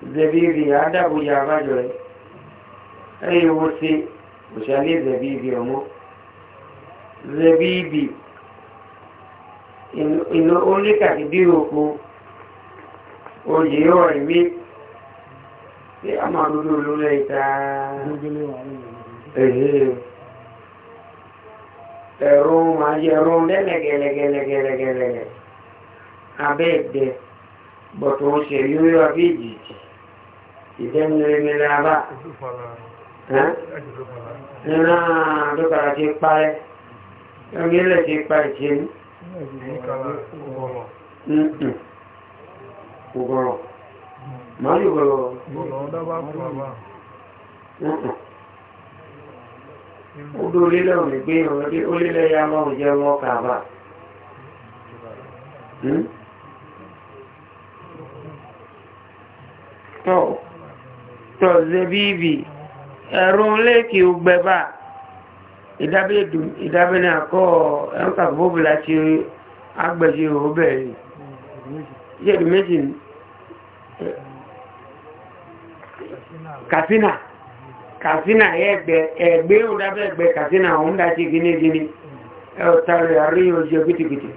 زبيب هذا وجابه أي وسي ushani زبيبي omo زبيبي إنه only kakidi oko oye ori mi ti a ma lulu lule ita ehe ẹ̀rọ ma yẹ ẹ̀rọ lẹ́lẹ̀gẹ̀lẹ̀gẹ̀lẹ̀gẹ̀lẹ̀ abẹ́ ẹ̀dẹ̀ bọ̀tọ̀ ṣe yóò abẹ́ ìjì ìdẹ́nu rẹ̀ abá iná lókàrà ti parẹ́ ẹgbẹ́ ilẹ̀ ti pa ìṣe ní ọgọ́rọ̀ máa yóò gọ́rọ̀ odò orílẹ̀ òní gbé ìrọ̀lẹ́ orílẹ̀ ya lọ́rùn jẹ́ wọ́n kàbà tọ́ tọ́ zẹ́bíìbì ẹ̀rùn léèkì ugbẹ́bà ìdábẹ́ni àkọ́ ẹ̀ńkàbóbìlà ti agbẹ̀ṣe òbẹ̀rẹ̀ yẹ́dù méjì kàfínà kàfínà ẹgbẹ́ ẹgbẹ́ òdábẹ́ ẹgbẹ́ kàfínà òun dáṣe ẹ̀ọ̀tàrí àríyàn ojú kìtìkìtì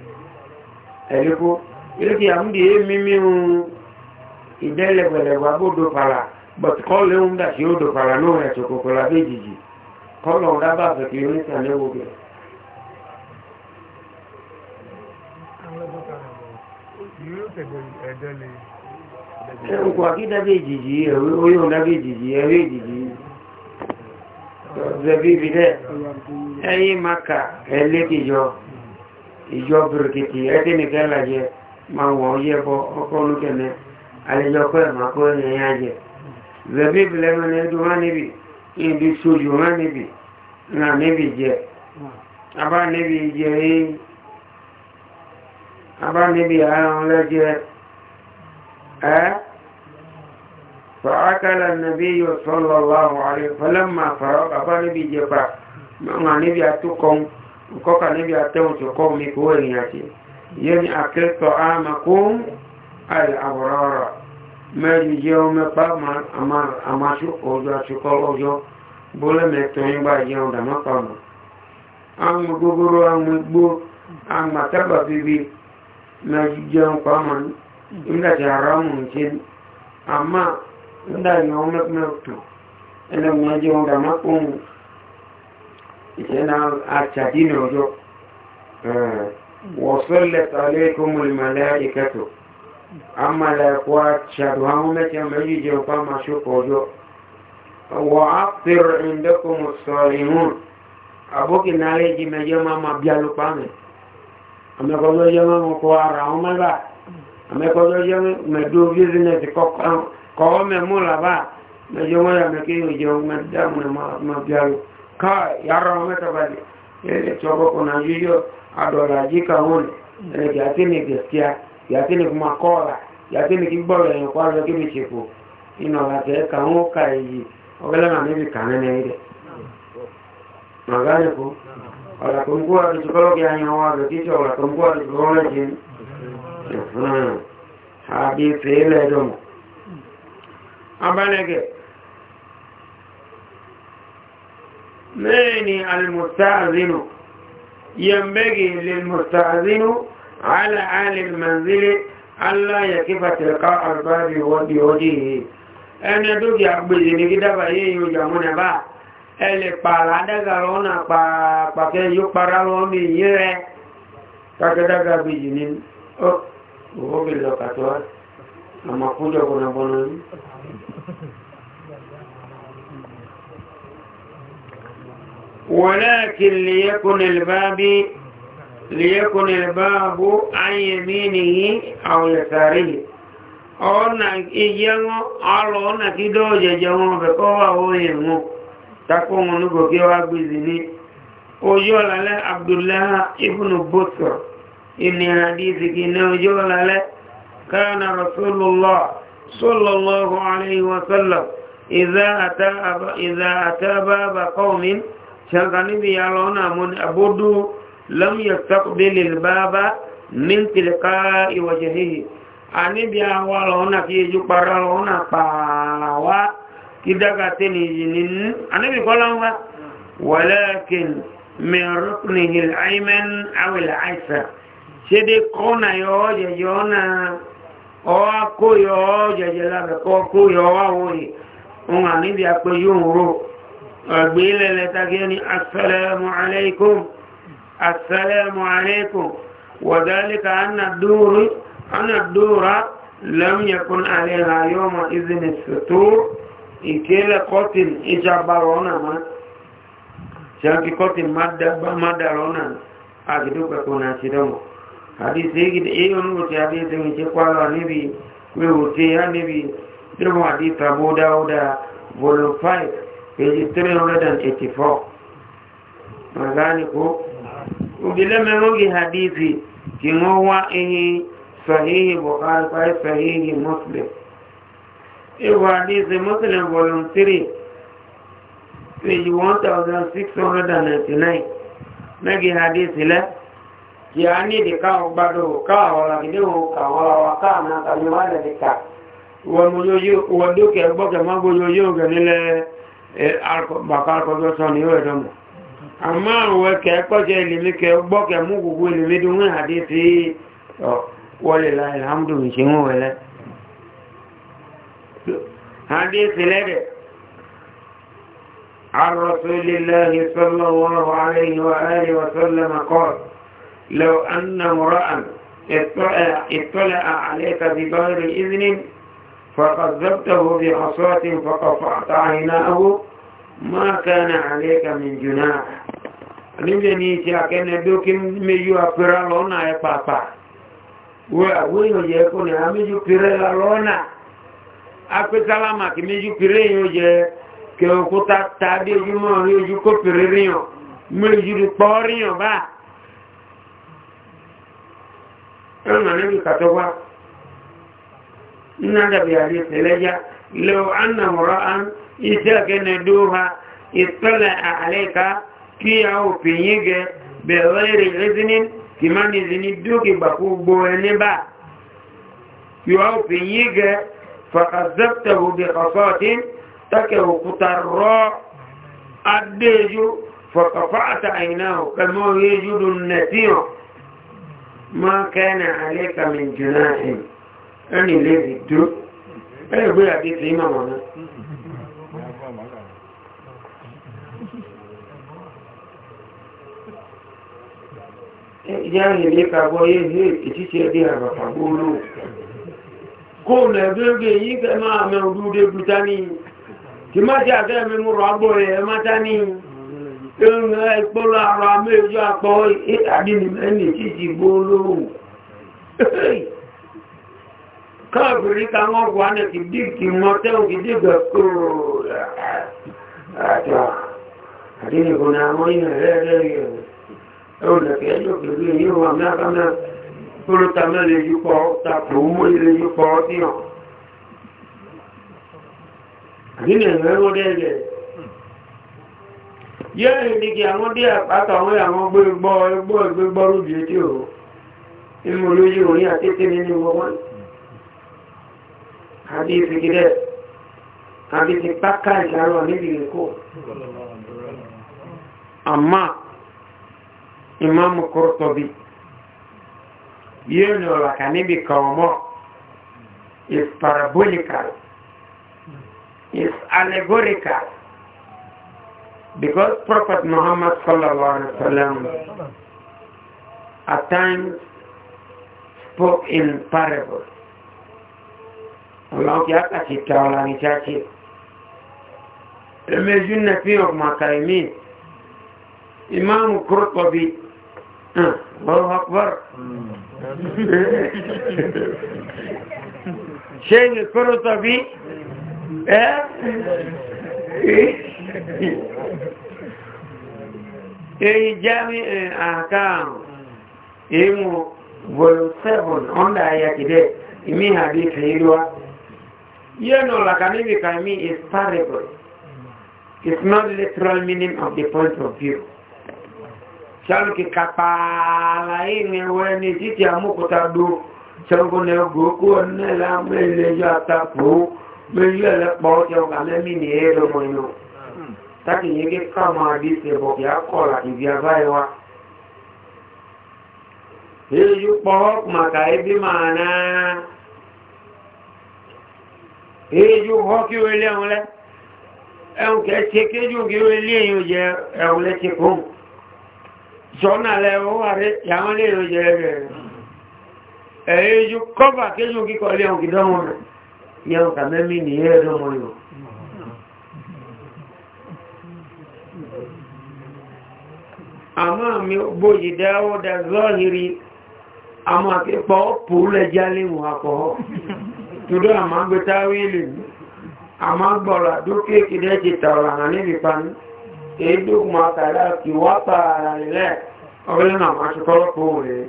ẹ̀lẹ́kó ilé ti àmúdìí mímí ìdẹ́lẹ̀gbẹ̀lẹ̀gbà bódò pàlà but kọ́ọ̀lù ń dà sí odò fara náà ẹ̀tọ́ kòkòrò abéjìjì kọ́ọ̀lù ọ̀dá bá fẹ̀ kí oníta léwo bẹ̀. ẹ̀rùkù akídábé ìjìjì ẹ̀rí oyún dábé ìjìjì ẹ̀rí ìjìjì ọ̀zẹ̀bí ibi dẹ́ ẹ̀yìn maka ẹ̀lẹ́kìjọ ìjọ bìrìkìtì ẹ̀tẹ́nìkẹ́ làjẹ máa wọ̀ ọ́ yẹ bọ́ ọkọ̀ olúkẹ́mẹ́ àlejò ọkọ̀ ẹ̀ máa zabib lẹ́nu ní ẹjọ́ wá níbi ibi sojú wá níbi náà níbi jẹ abá níbi jẹ yìí abá níbi àárùn lẹ́jẹ ẹ́ fàákàlà nàbí yóò sọ́lọ̀ láwọ̀ àrí fọlẹ́mà fàá abá níbi jẹ pa náà níbi àtúkọ́ kọ́kà níbi àtẹ́wọ̀n tó kọ́ mi kó ènìyàn sí yẹ́ni àkẹ́tọ̀ àmàkó àìlè àbọ̀rọ̀ mẹ́rin jẹ́ ọmọ ẹ̀pá àmàṣùkọ̀ ọjọ́ àṣùkọ́ ọjọ́ bólẹ̀ mẹ́tọ́ yínbà jẹ́ ọ̀dà mọ́pàmọ́ àwọn gbogbo àwọn igbó àgbàtàbà bíbí mẹ́rin jẹ́ ọmọ ìdàtí ara mùn tí àmà ìdàrí ọmọ mẹ́tọ́ ẹlẹ́mọ̀ jẹ́ ọ̀dà mọ́pàmọ́ ìṣẹ́nà àṣàdínà ọjọ́ wọ̀sọ́lẹ̀ tàlẹ́kùnmù ìmọ̀lẹ́ ìkẹtọ̀ amalekwa chaduhamu meke mejije upama shukojo waafir indakum salimun aboki nale jimeje mama bialu pame amekozo jema mkwara omega amekozo jema medu business kowo memula ba mejoma ya mekiyo jema medamu mabialu ka yara ometa bali ele choko kuna juyo adolajika hune ele gatini gaskiya yàtẹ́lẹ̀ fún ma kọ́ ọ̀rà yàtẹ́lẹ̀ kí gbọ́rọ̀ ẹ̀yìn kọ́ ọ̀rọ̀ kí mi ṣe kò iná ọ̀làtẹ́ ka wọ́n ka èyí ọgbẹ́lẹ́mà níbi kàánẹ́ nẹ́rí rẹ̀ màgánìkú ọ̀làkùnkú àdìsíkọ́lọ́gì àyàn wa rẹ̀ títí ọ̀làkùnkú àdìsíkọ́lọ́gì àbí fèélẹ̀ dọ̀mù abálẹ́gẹ̀ mẹ́rin ni alìmọ̀tàzínú yẹ̀mbẹ́gì lè mọ̀tàzínú على آل المنزل ألا يكف تلقاء الباب بوجهه ẹni tó kí àgbèsè ní gídàbà yìí yóò jàmú nẹ bá ẹlẹ̀ pààrà dágàrọ̀ ọ̀nà pàpàkẹ́ yóò pàrà lọ́wọ́ mi yí rẹ kákẹ́dágà bèjì ní ọ̀pọ̀ lọ́kàtọ́ àmàkújọ ليكن الباب عن يمينه أو يساره ọ̀nà ìyẹ́wọ́n ọlọ́ ọ̀nà kí dóòjẹ jẹ wọn bẹ̀ kọ́ wà oòyìn mú takó wọn ní gòkè wá gbèzì ní ojú ọ̀lálẹ́ abdullahi ibùn bọ́tọ̀ ìní àdíjì kì ní ojú ọ̀lálẹ́ káàna rasulullah sallallahu alayhi wa sallam ìzá àtàbà kọ́ọ̀mí ṣàkà lam yastaqbil al-baba min tilqa'i wajhihi ani bi awalo na ki ju paralo na pa wa kidaga teni jinin ani bi kolan wa walakin min ruknihi al-ayman aw al-aysar sede kona yo je yona o ko yo je je la ko ko yo wa wo ni on ani bi ape yo ro agbelele ta geni assalamu alaikum السلام عليكم وذلك أن الدور أن الدور لم يكن عليها يوم إذن السطور إكيل قتل إجابرونا ما شاك قتل مادة بمادرونا أكدوك كنا شدمو حديث يجد إيون وتي حديث من شقوال نبي ويوتي نبي ترمو حديث أبو داود volume 5 page 384 magani ko ugilememogi hadithi king'owa ihi sahihi bukhari kwae sahihi muslim ihu hadithi muslim volume 3 page 1699 megi hadithi le kiani dikao bado kawa lakideo kawala wakana kanyumale dika wamuyoyo waduke boke mabuyoyo ganile eh, alko bakalko goso ni wedomo àmọ́ àwọn ẹkẹ́ kọ́jẹ́ ìlèmíkẹ́ gbọ́kẹ́ mú gbogbo ìlèmídún àdé tí wọlé láìláàmdù ìṣẹ́ wọn wẹ̀lẹ́ àdé tí lẹ́dẹ̀ arọ́sílélẹ́hì sọ́lọ́wọ́ àríyìn wa àríyìn wa sọ́lọ́mà kọ́ لو أن مرأة اطلع عليك بغير إذن فقذبته بعصاة فقطعت عيناه ما كان عليك من جناح níbi ní ti àkẹ́nẹ́dó kí méjú apẹ̀rẹ̀ lọ́nà ẹ pàpà wíyàn yẹ kó ní àméjú pẹ̀rẹ̀ lọ́nà apẹ́sálámà kí méjú pẹ̀rẹ̀ yóò jẹ kí òkúta tàbí ojúmọ́ ojú kó pẹ̀rẹ̀ ríyàn méjú pọ̀ ríyàn bá ẹ̀rọ níbi kàtọ́wá ní àdàbí àdé tẹ̀lẹ́já lẹ́wọ̀ annàmọ́rọ̀ an iṣẹ́ àkẹ́nẹ́dó ha ìtọ́lẹ̀ àlẹ́ka kí a ò fi yí gẹ bẹ̀rẹ̀ èrè ìrìsíní kì má ní ìrìní dúkì gbàkú gbò ẹni bá kí a ò fi yí gẹ fàkàzẹ́pẹ̀wò bí ọ̀sọ́ọ̀tí tẹ́kẹ̀ òkúta rọ́ adéjú fọ̀kàfáàtà ẹgbẹ́ àti fi mọ̀mọ́ náà ya nyere ka bụ onye ihe etiti dị abapagbo olu kóòlù ẹ̀bí oge yìí kẹ máa mẹ òdúdé gbúta ní kí má jẹ́ àfẹ́ mi múrò agbóyẹ ẹ máta ní ẹ̀rùn ẹ̀pọ̀lọ àrọ̀ amẹ́jọ́ àpọ̀ àdínìmẹ́ni títí gbóòlóòwò káàkiri ká wọ́n wà ní àwọn ìrẹ̀rẹ̀ olùkẹ́ lókèrí yíò wọn mẹ́kànnà olùtàmẹ́ lè yípo tàbí owó ilé yípo díọ̀ àdínlẹ̀ mẹ́rún dẹ́ẹ̀lẹ̀ yẹ́ ìdíkì àwọn dí àpáta àwọn àwọn gbẹ́gbọ́ ẹgbọ́ ẹgbẹ́gbọ́ lóbi etí o inú olóyí òní àtẹ́tẹ́ nínú wọn àti ìfikidẹ́ àti ti pákà ìṣàrọ̀ níbi ìrìnkó àmà imam kurtobi yenu la kanibi kawmo is parabolical is allegorical because prophet muhammad sallallahu alaihi wasallam at times spoke in parables Allah ki aka ci tawala ni chachi le mejun na fi of makaimin imam kurtobi Allahu Akbar. Şeyh kuru tabi. Eyi jami ahkam. Eh, Imu volume 7 onda ayakide imi hadithi ilwa. Yeno lakanimi kaimi is parable. It's not literal meaning of the point of view. sanke kapala ini weni titi amukuta du sanko ne goku ne la mele ya tapu mele la po yo kale mi ero moyo taki yege kama dise bo ya kola ibia baiwa hili ọkụ maka ibi mana hili yupo ole jọ́nà lẹ́wọ́ àrí yàmọ́ lè rọ jẹ́ rẹ̀ ẹ̀yẹ ju kọ́bà kéjù kíkọ́ ilé ọkì dánwò rẹ̀ yẹun kà mẹ́mí ní ẹ̀rẹ́ dánwò rẹ̀ àmọ́ àmì gbòjì dáwọ́ dá zọ́hìrì àmọ́ àkẹ́pọ̀ pòó lẹ́já léwu àpọ̀ tòdó àmọ́ agbẹ́táwé lè àmọ́ gbọ́ra dókè kìdẹ́ ti tààrà níbi pani èédùkùn àkàrà kìwápàá rẹ̀ lẹ́ẹ̀kọ́ ọ̀rẹ́ náà máa ṣe tọ́rọpọ̀ rẹ̀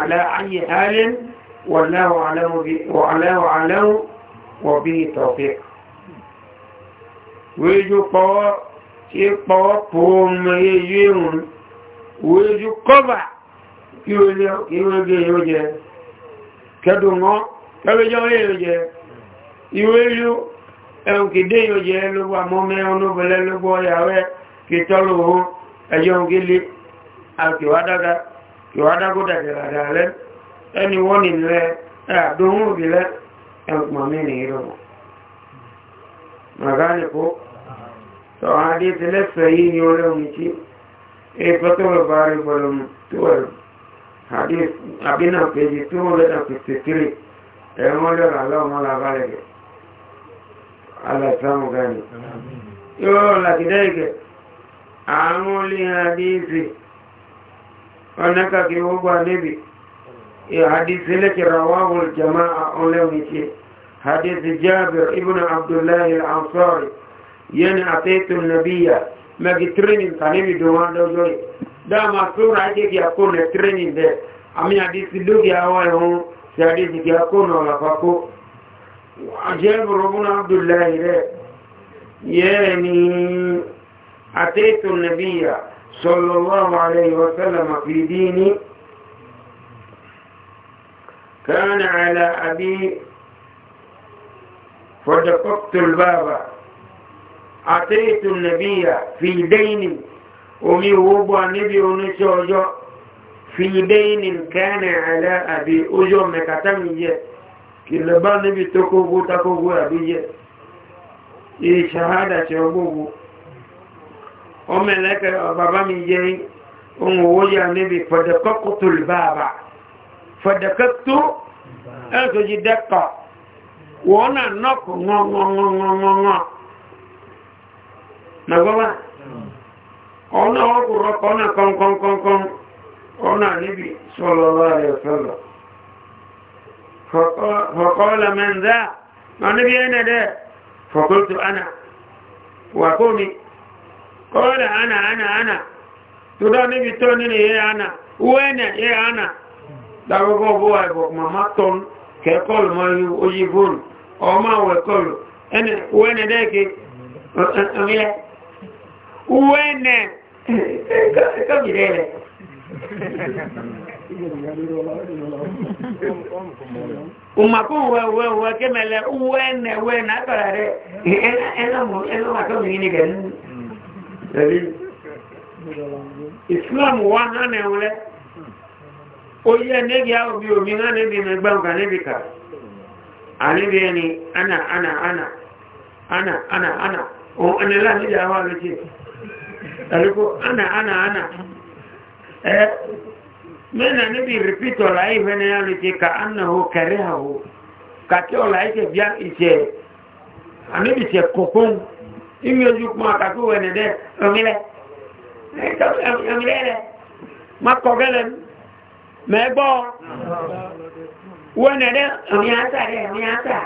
aláàyè alẹ́ wọ̀láwọ̀ alẹ́ wọ̀ bí ìtọ̀fẹ́ wéjú pọ̀wọ́ tí pọ̀wọ́ pọ̀ ọmọ yíyí ìrùn wéjú kọ́bà kí ó lé ìwége yóò jẹ kẹ́dùn mọ́ kẹ́lẹ́jọ́ yóò jẹ ìwéjú ẹ̀hùn kìdé ẹjọ́ gílé àkíwádága kíwádágódàjẹ̀ àdàlẹ́ ẹni wọ́n nílẹ̀ àdóhùn òbílẹ̀ ẹ̀kùnmọ̀mí ní ìrọ̀mọ̀ màgánìkó tọ́wọ́n adé ti lẹ́fẹ̀ẹ́ yìí ní orí omi tí èèpẹ́ tó wẹ̀ bá rí bọ́lọ́mù tó wẹ̀ àbínà péjì tó wọ́n lẹ́dà pèsè kiri ẹ̀wọ́n lẹ́rọ aláwọ̀mọ́ làbálẹ̀ gẹ̀ alẹ́ àánú lè àdíìsì ọ̀nẹ́kàkì gbogbo àdébì àdíìsì lẹ́kẹ̀rọ wáwọ̀ jama ọlẹ́wìnṣẹ́ àdíìsì jábir ibn abdullahi al'ansari yẹni àtẹ́tù nàbíyà mẹ́gì tírénìn kàníbi dùnwà lọ́jọ́ dáàmà sóra ajẹ́kì àkónà tírénìn dẹ àmì àdíìsì lókè àwọn ẹ̀hún sí àdíìsì kí àkónà ọ̀làfàkó jábir ibn abdullahi rẹ̀ yẹ́ni أتيت النبي صلى الله عليه وسلم في ديني كان على أبي فدققت الباب أتيت النبي في دين أمي وبو النبي ونشوجو في دين كان على أبي أجو مكتمي كلبان نبي تكوبو تكوبو أبي إيه شهادة شعبوبو ọmọ ẹlẹ́kẹ̀ bàbá mi yẹ ohun owó yà níbi fọ̀dẹ̀kọ́kọ́ tó lè bá a bá fọ̀dẹ̀kọ́ tó ẹ̀ tó jí dẹ́kọ̀ wọ́n náà nọ́ọ̀kù ńọ́ńọ́ńọ́ńọ́ńọ́ nàgbọ́bà ọ̀nà ọkùnrọ̀ ọ̀nà kọ́ńkọ́ńkọ́ńkọ́ń ọ̀nà níbi sọ̀lọ́lọ́ rẹ̀ sọ̀lọ́ فقال من ذا ما نبي أنا ده فقلت أنا وقومي kọ́ọ̀lẹ̀ ana ana ana tó dá níbi tó nínú yẹ ana wẹ́nẹ̀ yẹ ana dágbogbo bó wà ìbọ̀ màmá tọ́n kẹ́kọ́lù mọ́ oyi bóòlù ọmọ àwẹ̀ kọlù wẹ́nẹ̀ dẹ́ẹ̀kẹ́ ọ̀rẹ́ wẹ́nẹ̀ kọ́bìrẹ́ rẹ̀ umakun wẹwẹ wẹ kẹmẹlẹ wẹnẹ wẹ nàtọrọ rẹ ẹnà mọ ẹnà mọ àtọmọ yìí nìkẹ nínú ẹ̀rí islam wá hánà ẹ̀wọ̀lẹ́ oyi ẹ̀nẹ́gì àwọ̀bí omi hánà ẹ̀bí mẹ́gbàmùkà níbi kà àníbi ẹni ana ana ana ana ana ana ohun ẹnẹ́lá níbi àwọn àrẹ́jì ẹ̀ríkó ana ana ana ẹ mẹ́nà níbi rìpítọ̀ láì fẹ́nẹ́ àrẹ́jì ka annahu kẹrẹ́ àwọ̀ kàtí ọ̀láì tẹ̀ bí i ṣe àníbi ṣe kọ̀kọ́ imi ojú kún àkàkú wẹ̀ nìdẹ́ ọmílẹ̀ ọmílẹ̀ rẹ̀ má kọ gẹ́lẹ̀ mẹ́gbọ́ wọ́n nìdẹ́ ọmí àṣà rẹ̀ ọmí àṣà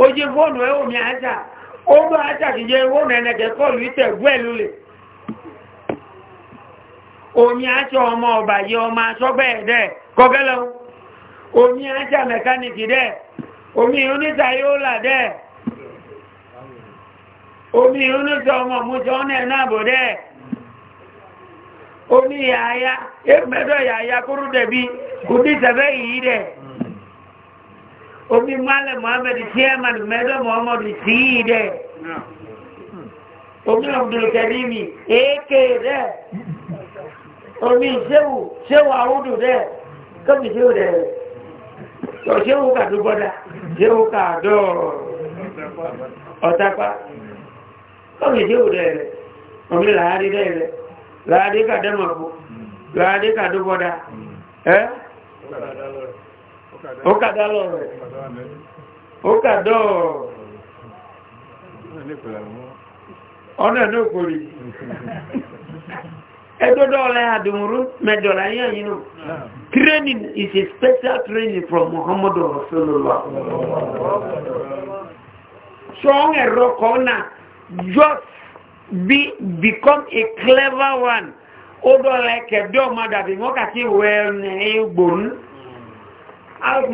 ó jẹ́ fóònù ẹ̀ ọmí àṣà ó bá àṣà kì jẹ́ fóònù ẹ̀nẹ̀kẹ́ kọlù ìtẹ̀gbọ́ ẹ̀ lólè omi àṣà ọmọ ọba yẹ ọmọ aṣọ́gbẹ́ ẹ̀dẹ́ kọgẹ́lẹ̀ omi àṣà mẹkáníkì dẹ́ omi oníṣàyóòlà dẹ́ omi irúnújọ ọmọ mújọ ọ́nà ẹ̀nà àbòdẹ́ omi yàáyá ẹgbẹ́dọ̀ yàáyá kúrú dẹ̀bí kò ní ìtẹ̀fẹ́ yìí dẹ̀ omi mọ́lẹ̀ mohamed chairman mẹ́dọ̀ mohamed sí yìí dẹ̀ omi ọ̀dùnkẹ̀dìmì èékè dẹ̀ omi ìṣẹ́wù ṣẹ́wù àwùdù dẹ̀ kọ́bí ṣẹ́wù dẹ̀ ṣẹ́wù kàdúgbọ́dá ṣẹ́wù kàdọ́ ọ̀tápá ọ̀rẹ́ jẹ́ òdẹ́ rẹ̀ ọmọ láàárí rẹ̀ rẹ̀ láàárí kàdẹ́mọ̀bù láàárí kàdúgbọ́dá ẹ́ ó kàdá lọ rẹ̀ ó kàdọ́ ọ̀nà ní òkòrì ẹgbẹ́dọ́ ọlẹ́ àdùnrú mẹjọ̀lá yẹ́ yìí nù training is a special training from muhammadu rasulullah ṣọ́n ẹ̀rọ kọ́ just be become a clever one ó dọ́la ẹkẹ̀bí ọmọ dàbí wọ́n kàkí wẹ́ẹ̀rẹ̀ egbòrún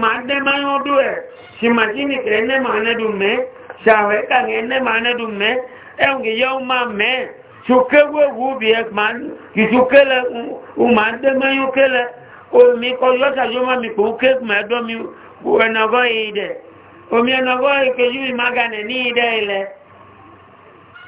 ma dẹ́ máa yọ́ dó ẹ̀ ṣe ma jí nìkẹ̀rẹ̀ ẹnẹ́ máa nẹ́dù mẹ́ ṣàwẹ́ kàrẹ̀ ẹnẹ́ máa nẹ́dù mẹ́ ẹ̀hùn kì yẹ́ ọmọ mẹ́ ṣùkẹ́wẹ́wù bí ẹ kìtùkẹ́lẹ̀ ma dẹ́ máa yọ́ kẹ́lẹ̀ omi kọ yọ́ṣàjọ́ máa mi kò kéèkù mẹ́ẹ̀dọ́ mi ẹnàgọ́ ìdẹ̀ omi ẹnàgọ́ ìkẹjú ìmáganẹ̀ ní ìdẹ̀ ilẹ̀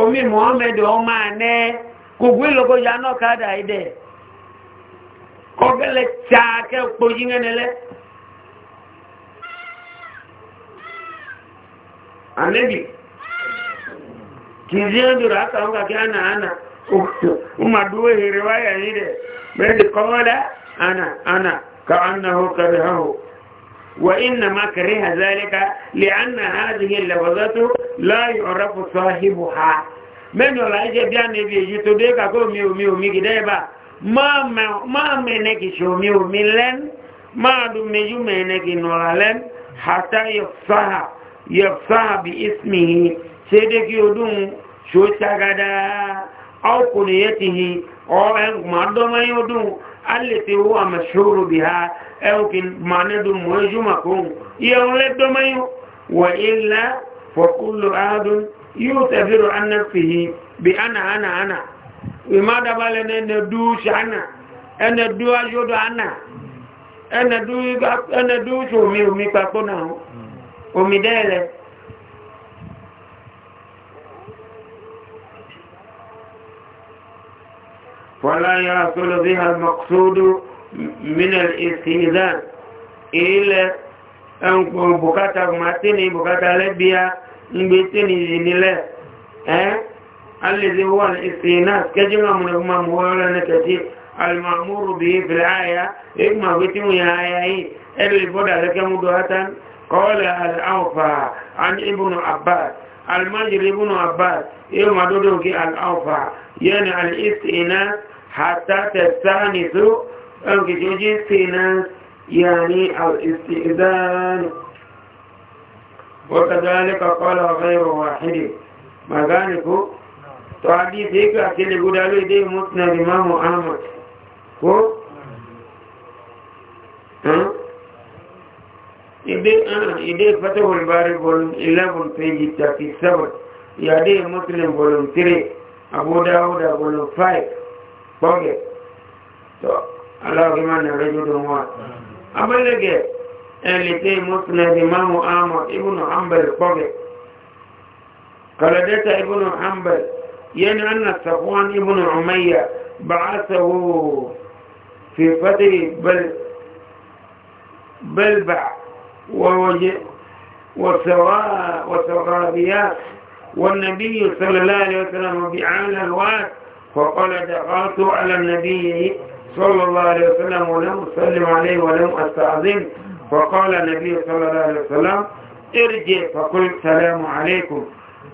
omi muhammed ọmọ anẹ kògbé lọkọjá náà káàdà ìdẹ kọgẹlẹ tsaakẹ kpọjí ńẹnẹlẹ anabi kìí díẹ̀ dòrò àtàwọn kàkí àná àná ọmọ àdúgbò hèrè wáyà yìí dẹ bẹ́ẹ̀ ni kọ́mọ́dá àná àná ká àná hó kẹrẹ hàn hó. وإنما كره ذلك لأن هذه اللفظات لا يعرف صاحبها من ولا يجب أن يجب تبيك أقول ميو ميو ميكي دايبا ما ما منك شو ميو ميلن ما دم ميجو منك نولن حتى يفصح يفصح باسمه سيدك يدوم شو تغدا أو كنيته أو أنك ما دم يدوم التي هو مشهور بها أو كن معنى موجمكم يوم لدمي وإلا فكل أحد يعتبر عن نفسه بأنا أنا أنا لماذا بل أن ندوش أنا أن ندوش أنا أن ندوش أمي أمي كاكونا أمي دالة ولا يصل بها المقصود من الاستئذان إلى أن بكاتا ماتني بكاتا لبيا نبتني ذنلا أه؟ الذي هو الاستئناس كجمع من هما موالا كثير المأمور به في الآية إما بتم يا آية اللي بدأ لك مدوهة قال الأوفى عن ابن عباس المجري ابن عباس إما دودوك الأوفى يعني على الاستئناس حتى تستأنسوا أو كتوجي استئناس يعني أو استئذان وكذلك قال غير واحد ما ذلك تعدي فيك أكل قدالو دي مسنا إمام أحمد كو ها إدي آه إدي فتح الباري بولم إلا بول بيجي تاكي سبت يا دي مسلم بولم تري أبو داود أبو لفاي بوكي ألاقي من رجل موات أبلك اللي تي مسند إمام أمر ابن حنبل بوكي قال ديتا ابن حنبل ين أن صفوان ابن عمية بعثه في فتح بل بلبع ووجه وسوا بيات والنبي صلى الله عليه وسلم بعلى الواد فقال دخلت على النبي صلى الله عليه وسلم ولم أسلم عليه ولم أستعظم فقال النبي صلى الله عليه وسلم ارجع فقل السلام عليكم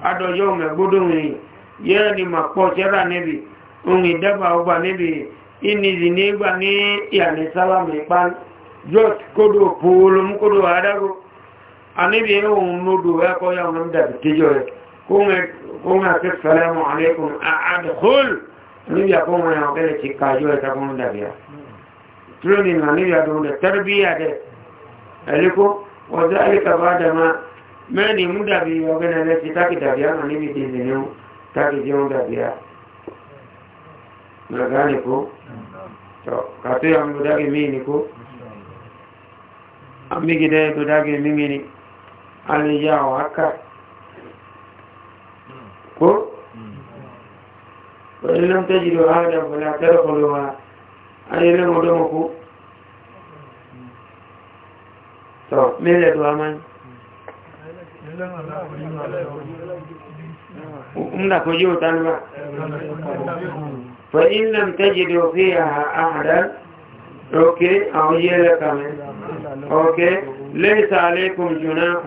أدو يوم بدوني يعني ما قوشر نبي أمي دبا أبا نبي إني ذنبا يعني سلام يقال جوت كدو بولم كدو هذا النبي يوم ندو يقول يوم ندب تجوه kuma ta salamu alaikum a adhul ni ya kuma ya magana ce kajuwa ta kuma da biya training na ni ya da tarbiya da aliko wa zalika bada ma mani muda bi ya magana ne ko wa illam tajidu ahadan fala tadkhuluha ayele modomo ko to mele do aman umna ko yo tanwa fa illam tajidu fiha ahadan اوكي او يلا كمان اوكي ليس عليكم جناح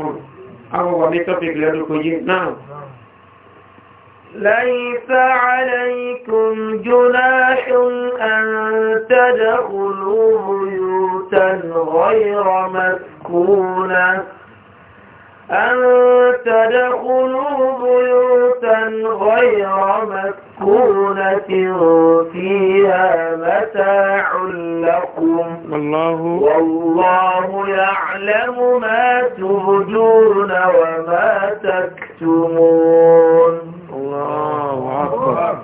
او ومتفق لكم نعم ليس عليكم جناح أن تدخلوا بيوتا غير مسكونة أن تدخلوا بيوتا غير مسكونة فيها متاع لكم والله, والله يعلم ما تبدون وما تكتمون Allahu akbar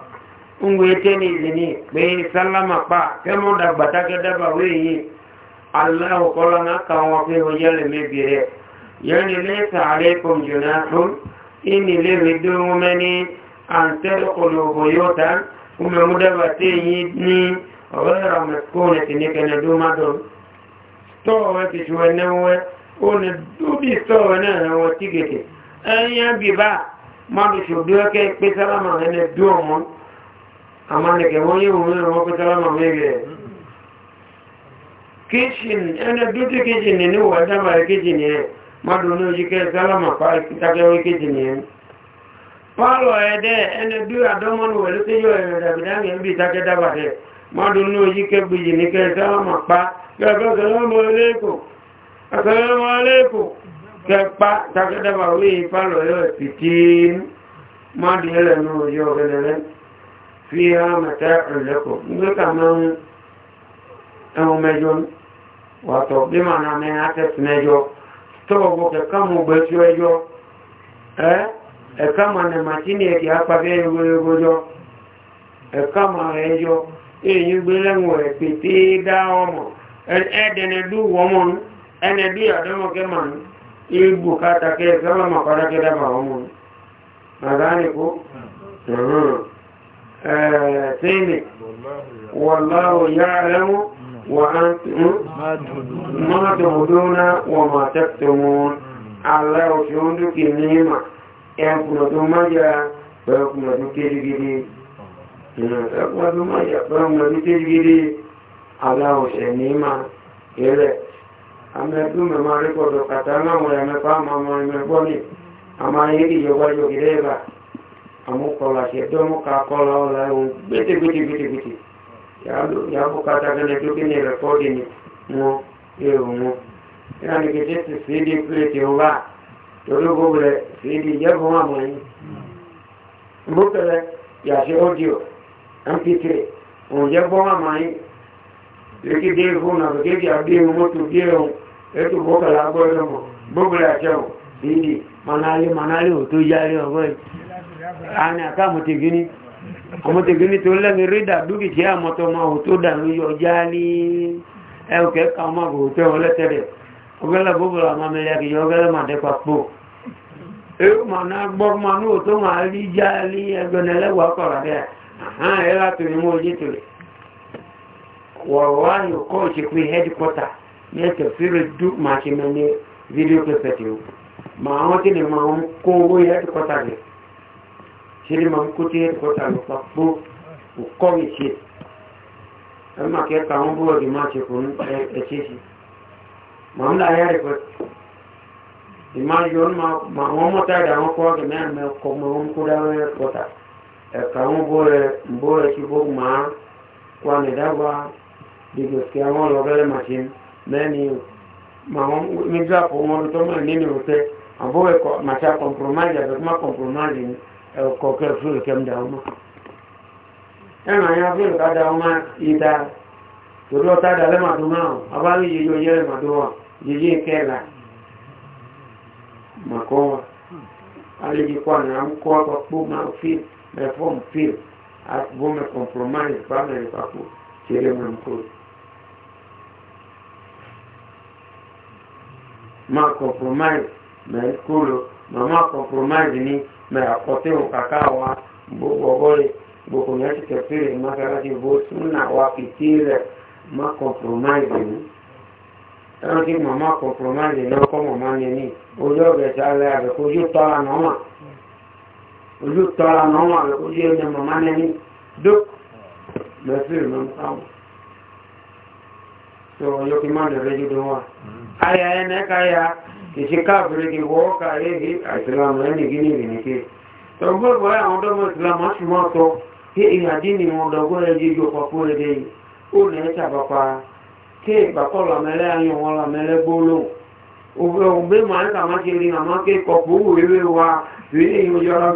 ngwe teni izini be salama pa kemo da batake da ba weyi Allah ko la na ka wa pe ho yele me bire yani laysa alaykum junahun inni le midu meni an tadkhulu buyutan kuma mudaba teyi ni ghayra maskunati ni kana duma do to wa ti juwa ne wa on dubi to mmadụ chụdụ eke kpesara ma na-edu ọmụ amanike onye nwere ọmụ kpesara ma meghe kishin ẹnẹdútù kishin ní wà dábàá kishin yẹn mmadụ n'ojike salama pàtàkì kishin yẹn pálọ̀ ẹ̀dẹ́ ẹnẹdú àdọ́mọ́nù wẹ̀lú tí yóò ẹ̀rẹ̀ dàbídàmì ẹ̀bí ìtàkẹ́ dábàá tẹ̀ mmadụ n'ojike gbìyìn ní kẹ salama pa yọ kẹpa takẹ́dẹ́bà wí ìpàlọ̀ yóò ti tí mọ́dí ẹlẹ́nu fi ha mẹ́ta ẹ̀lẹ́kọ̀ nígbẹ́ta máa ń ẹ̀hùn bí na mẹ́ àtẹ́sì mẹ́jọ tó ọgbọ̀ kẹka mọ̀ gbẹ́sí ẹjọ́ ẹ́ ẹ̀ka ma màtíní dá ọmọ ibu kata ke kama makara ke da mahamu nadhani ku tini hmm. eh, wallahu ya'lamu wa antum ma tuhuduna wa ma taktumun Allah ushundu kinima en kuna tumaja kwa kuna tukirigiri kwa hmm, kuna tumaja kwa kuna tukirigiri Allah ushenima ile ametu memari kodo katana mo ya mepa mama meboni ama yiri yoba yogireba amu kola se domo ka kola ola un biti biti biti biti ya ya bu kata kene duki ni rekodi ni mo yo mo ya ni ke tete sidi plete oba toro gobre sidi ya bu mama ni mbukere ya se audio mp3 on ya bu mama ni yake dai fona ba ke ya bi mu mutu biyo e to boka la go no mo bogo la chao ndi manali manali o to yari o go ana ka mutu gini amote gini to la ni rida dugi je amoto ma o to da ni yo jali e o ke ka ma go te o le tere o go la bogo la jali e go ne le wa ko ra ni mo wọ̀rọ̀ wá yóò kọ́ ṣe pé hẹ́dìkọ́tà ní ẹ̀tẹ̀ fíre dú máa ṣe mẹ́ ní fídíò pẹ̀pẹ̀ o ó máa wọ́n kí ni máa ń kó owó hẹ́dìkọ́tà rẹ̀ ṣe ni máa ń kó tí hẹ́dìkọ́tà rẹ̀ òkọ́ mi ṣe ẹ máa ka búrọ̀dì máa ṣe fún ẹ̀ṣẹ́ ṣe máa ń la hẹ́dìkọ́tà ìmáa yọ máa wọ́n mọ́ta ìdá kọ́ ọ̀gẹ̀ mẹ́rin mẹ́kọ́ dìgbò kí àwọn ọlọ́gẹ́rẹ́ màṣẹ mẹ́ni mẹ́jọ́ àpòmọ́dù tó mọ̀ nínú òtẹ́ àbó ẹ̀kọ́ màṣẹ compromise àbẹ̀ kọ́má compromise ni ẹ̀kọ́ kẹ́ fúlù kẹ́m dà ọmọ. ẹ̀rọ àyà fúlù ká dà ọmọ ìta torí ọ̀tá dà lẹ́màdó máa ọ̀ abáwí yíyọ yẹ lẹ́màdó wà yíyí kẹ́ẹ̀lá màkọ́ wa alẹ́jì kọ́ àná kọ́ àpapọ̀ máa fi reform field àbó mẹ́ compromise pàmẹ́rẹ́ pàpọ̀ kéré mọ̀ nǹkan. máa compromise mẹ kúrò mà máa compromise ní mẹ o òkàkà wa gbogbo ọgọ́rẹ̀ gbogbo yẹn ti tẹ̀síre mọ́sálásí bó súnà wa fìtí rẹ̀ máa compromise ní ẹran tí màmá compromise ní ọkọ màmá ni ní ojú ọ̀gẹ̀ tí a lẹ́ àbẹ̀ kó ojú tọ́ra nọ́mà ojú tọ́ra nọ́mà àbẹ̀ kó ojú ẹ̀yẹ màmá ni ní dókè mẹ́sìrì mọ́mú sáwọn yóò fi máa lẹ̀rẹ́ jù dùn wà. ayà ẹnẹ káyà ìṣe káàbìrì kì wọ́ ká èyí àìsìlámù ẹni gíní ìrìnìké tọ́gbọ́n ìgbọ́ àwọn ọdọ́mọ ìsìlámù á sì mọ́ tọ́ kí ìhàdí ni wọn dọ́gbọ́n rẹ̀ yíyọ papọ̀ rẹ̀ dé yìí ó lè ń ṣàpapà kí ìgbàkọ́ làmẹ́lẹ́ ayọ̀ wọn làmẹ́lẹ́ gbólóhùn ògbé màá ń kàmá kiri àmọ́ kí kọ̀pù owó ewé wa rí èyí yọra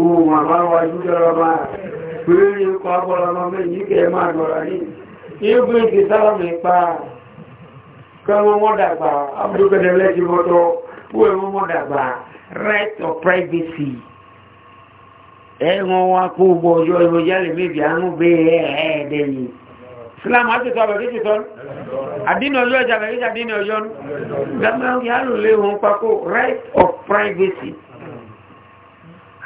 òun àbáwájú yọra báyà pèrè ikọ̀ agbọ́lọ́mọ méjì kẹ máa gbọ́rọ̀ ní ibú ìkì sáàmì pa kọmọ mọ́dàgbà abúrúkẹ́dẹ̀lẹ́ ti mọ́tọ́ púpẹ̀ mọ́ mọ́dàgbà right of privacy ẹ̀wọ̀n wa kó gbọ́ ọjọ́ ìròjálẹ̀ méjì àánú bẹ́ ẹ̀ẹ́dẹ̀yìn islam àtìsọ́ àbẹ̀kí ti sọ àdínà ọjọ́ ìjà àbẹ̀kí àdínà ọjọ́ gbàmọ́ yà lò lè wọn pakó right of privacy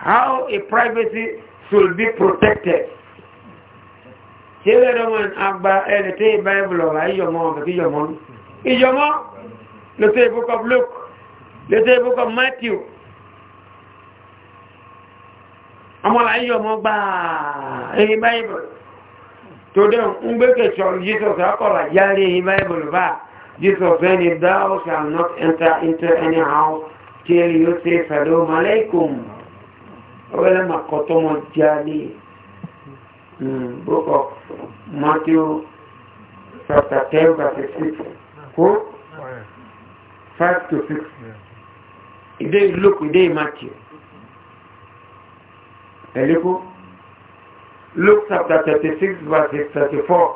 how a privacy should be protected. Ṣílẹ̀ ọmọ àgbà ẹni tí Bible ọ̀rọ̀ ayọ̀mọ́ ọ̀bẹ̀ kí yọmọ́ ní. Ìyọmọ́ ló tẹ́ book of Luke, ló tẹ́ book of Matthew. Ọmọ ayọ̀mọ́ gbà ẹni Bible. Tòdẹ̀ ń gbé kẹsọ̀ Jesus akọ̀rọ̀ yáre ẹni Bible bá. Jesus ẹni thou shall not enter into any house till you say salaam alaikum ọ̀rẹ́ màkọ́tọ́ wọn jáde book of Matthew chapter ten verse six kó five to six ìdé Luke ìdé Matthew ẹ̀lẹ́kú Luke chapter thirty six verse thirty four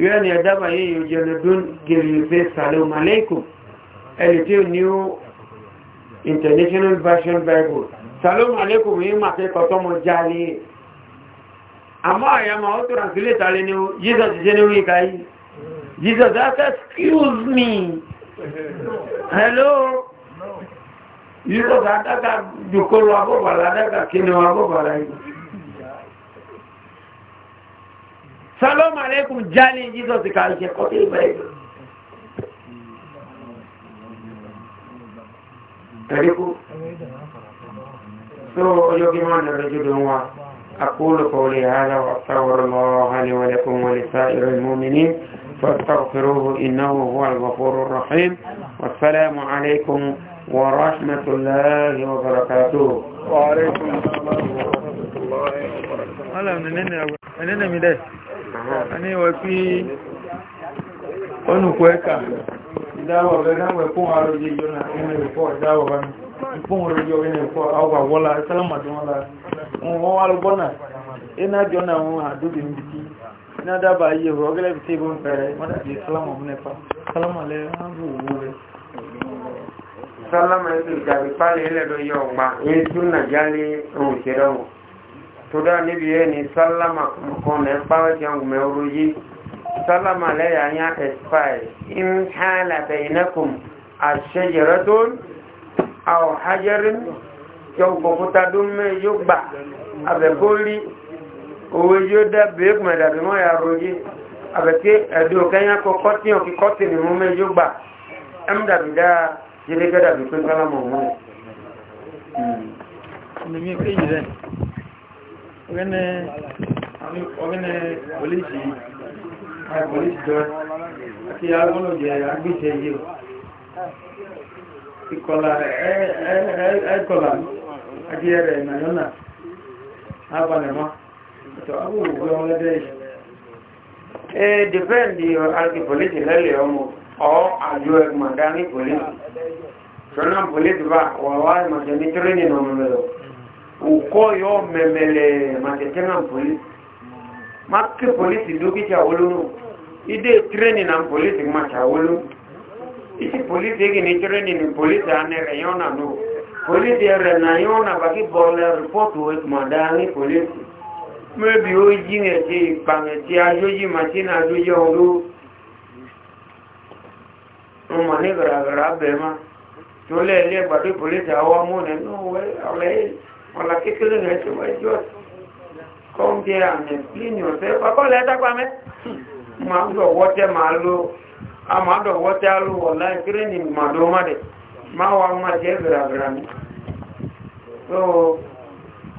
yóò ní ẹ̀dá bàyẹ̀ yóò jẹ́ lọ́dún gèrè ìfẹ́ sàlẹ̀ màlẹ́kùn ẹ̀lẹ́tí ò ní ó International Version Bible salamu alaikum yìí máa fẹ́ kọ́tọ́ mọ jáde àmọ́ àyàmà ó tó ràǹkílé tàlẹ́ ni ó jesus ṣe ní orí ìka yìí jesus ask excuse me hello jesus adága jùkọrọ abọ́bàlá adága kìnìún abọ́bàlá yìí salamu alaikum jáde jesus ìka ìṣẹ́kọ́ tó ìbẹ̀rẹ̀ yìí Tẹ̀lé kú. سوء يجمعنا الرجل هو أقول قولي هذا وأستغفر الله لي ولكم ولسائر المؤمنين فاستغفروه إنه هو الغفور الرحيم والسلام عليكم ورحمة الله وبركاته وعليكم السلام ورحمة الله وبركاته ألا منين منين مدى أنا وفي أنو كويكا dawa be na we pon aro ji yo na ene we po dawa ban pon ro yo ene po aw ba wala salama don wala on wo alo bona ina jo na on adu bi mbiti ina da ba ye ro gele bi bon pere ma da di salama mun ne pa ma e tu na jali o se do to ni bi ni salama ko ne pa ja ngume ro yi sọ́lọ́mà lẹ́yà yá expire in hálà bẹ̀yìnẹ́kùn àṣẹyẹrẹ́dún àwọn hajjẹ́rin yóò gbogbo dún mẹ́ yóò gbà àbẹ̀kórí owó yóò dábẹ̀ ẹkùnmẹ̀ dàbí wọ́n yà ròyí àbẹ̀kí ẹ̀dù kẹ́yà kọ́kọ́ tí òkí kọ́tì ní mú yóò gbà ẹm dàbí àìpọ̀lìsì jọ àti agbọ́lọ̀dì àgbìṣẹ́ yìí o ìkọlà ẹ̀ẹ́kọlà àti ẹ̀rẹ̀ ìnàyọ́nà abalẹ̀mọ́ ọ̀tọ̀ agbóògbé ọmọdé yìí dìpẹ́ndì àgbìpọ̀lìsì lẹ́lẹ̀ ọmọ ọ́ àjọ ẹgbùmọ̀dá ní pọ̀lìsì ṣọ́nà pọ̀lìsì bá wà wá ìmọ̀jẹ̀ ní tírénì nà ọmọ mẹ́lẹ̀ òkọ́ yọ mẹ́mẹ́lẹ̀ màtẹ̀tẹ̀ náà pọ̀lìsì makke polisi dogi chawolunu ide treni na polisi ma chawolu isi polisi egi ni treni ni polisi anere yona no polisi ere na yona baki bole report wet madani polisi mebi o jinge ti pange ti ajoji machina ajoji olu o mani gara gara bema tole ele bati polisi awa mune no we ale wala kekele ngecho wa jot come there and explain yourself akọ́lẹ̀ ẹ́tàpá mẹ́ ma ń dọ̀ wọ́tẹ́ ma ló a ma dọ̀ wọ́tẹ́ aló wọ̀lá ìkírẹ́ ni ma dọ́ má dẹ̀ ma wà má so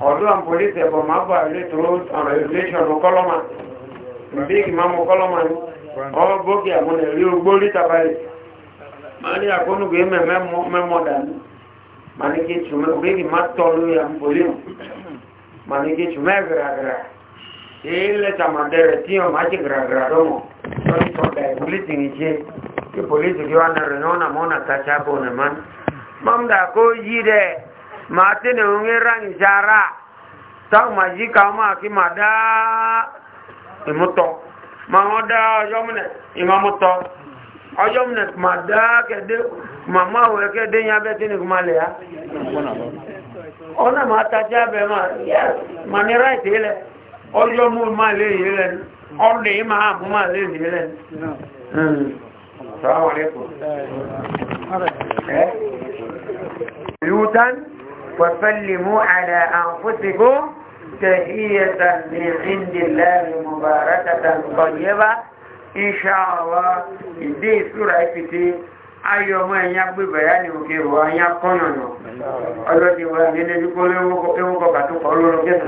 ọ̀dọ́ and police ẹ̀bọ̀ ma bọ̀ relation kọ́lọ́mà bíkì ma mú kọ́lọ́mà ní ọ bókì àwọn ẹ̀rí ogbó lítà báyìí ma ní àkónúgbé mẹ́mọ́ dání ma ní kí tùmẹ́ bíkì ma tọ́ lórí àmì manike chume gra gra ile tamadere tio maji gra gra domo sori sonda e polisi nje ki polisi kiwana renona mona tachapo na man mamda ko yire mate ne ungera njara ta maji kama ki mada imuto maoda yomne imamuto oyomne mada kede mama weke de yabe tini kumale ya ọ̀nà máa tajà bẹ̀ máa ma ní ráìtì ilẹ̀ ọjọ́ mú máa lè yìí lẹ̀ ọdún yìí máa mú máa lè yìí lẹ̀ يوتن وسلموا على أنفسكم تحية من عند الله مباركة طيبة إن شاء الله دي سورة ayọ̀ ọmọ ẹ̀yà pé bẹ̀yà ni òkè rọ̀ ayá kọ́nà nà ọlọ́dẹ wa nílé wípé olówó kọ́ bàtú kọ́ lóró kẹ́nà.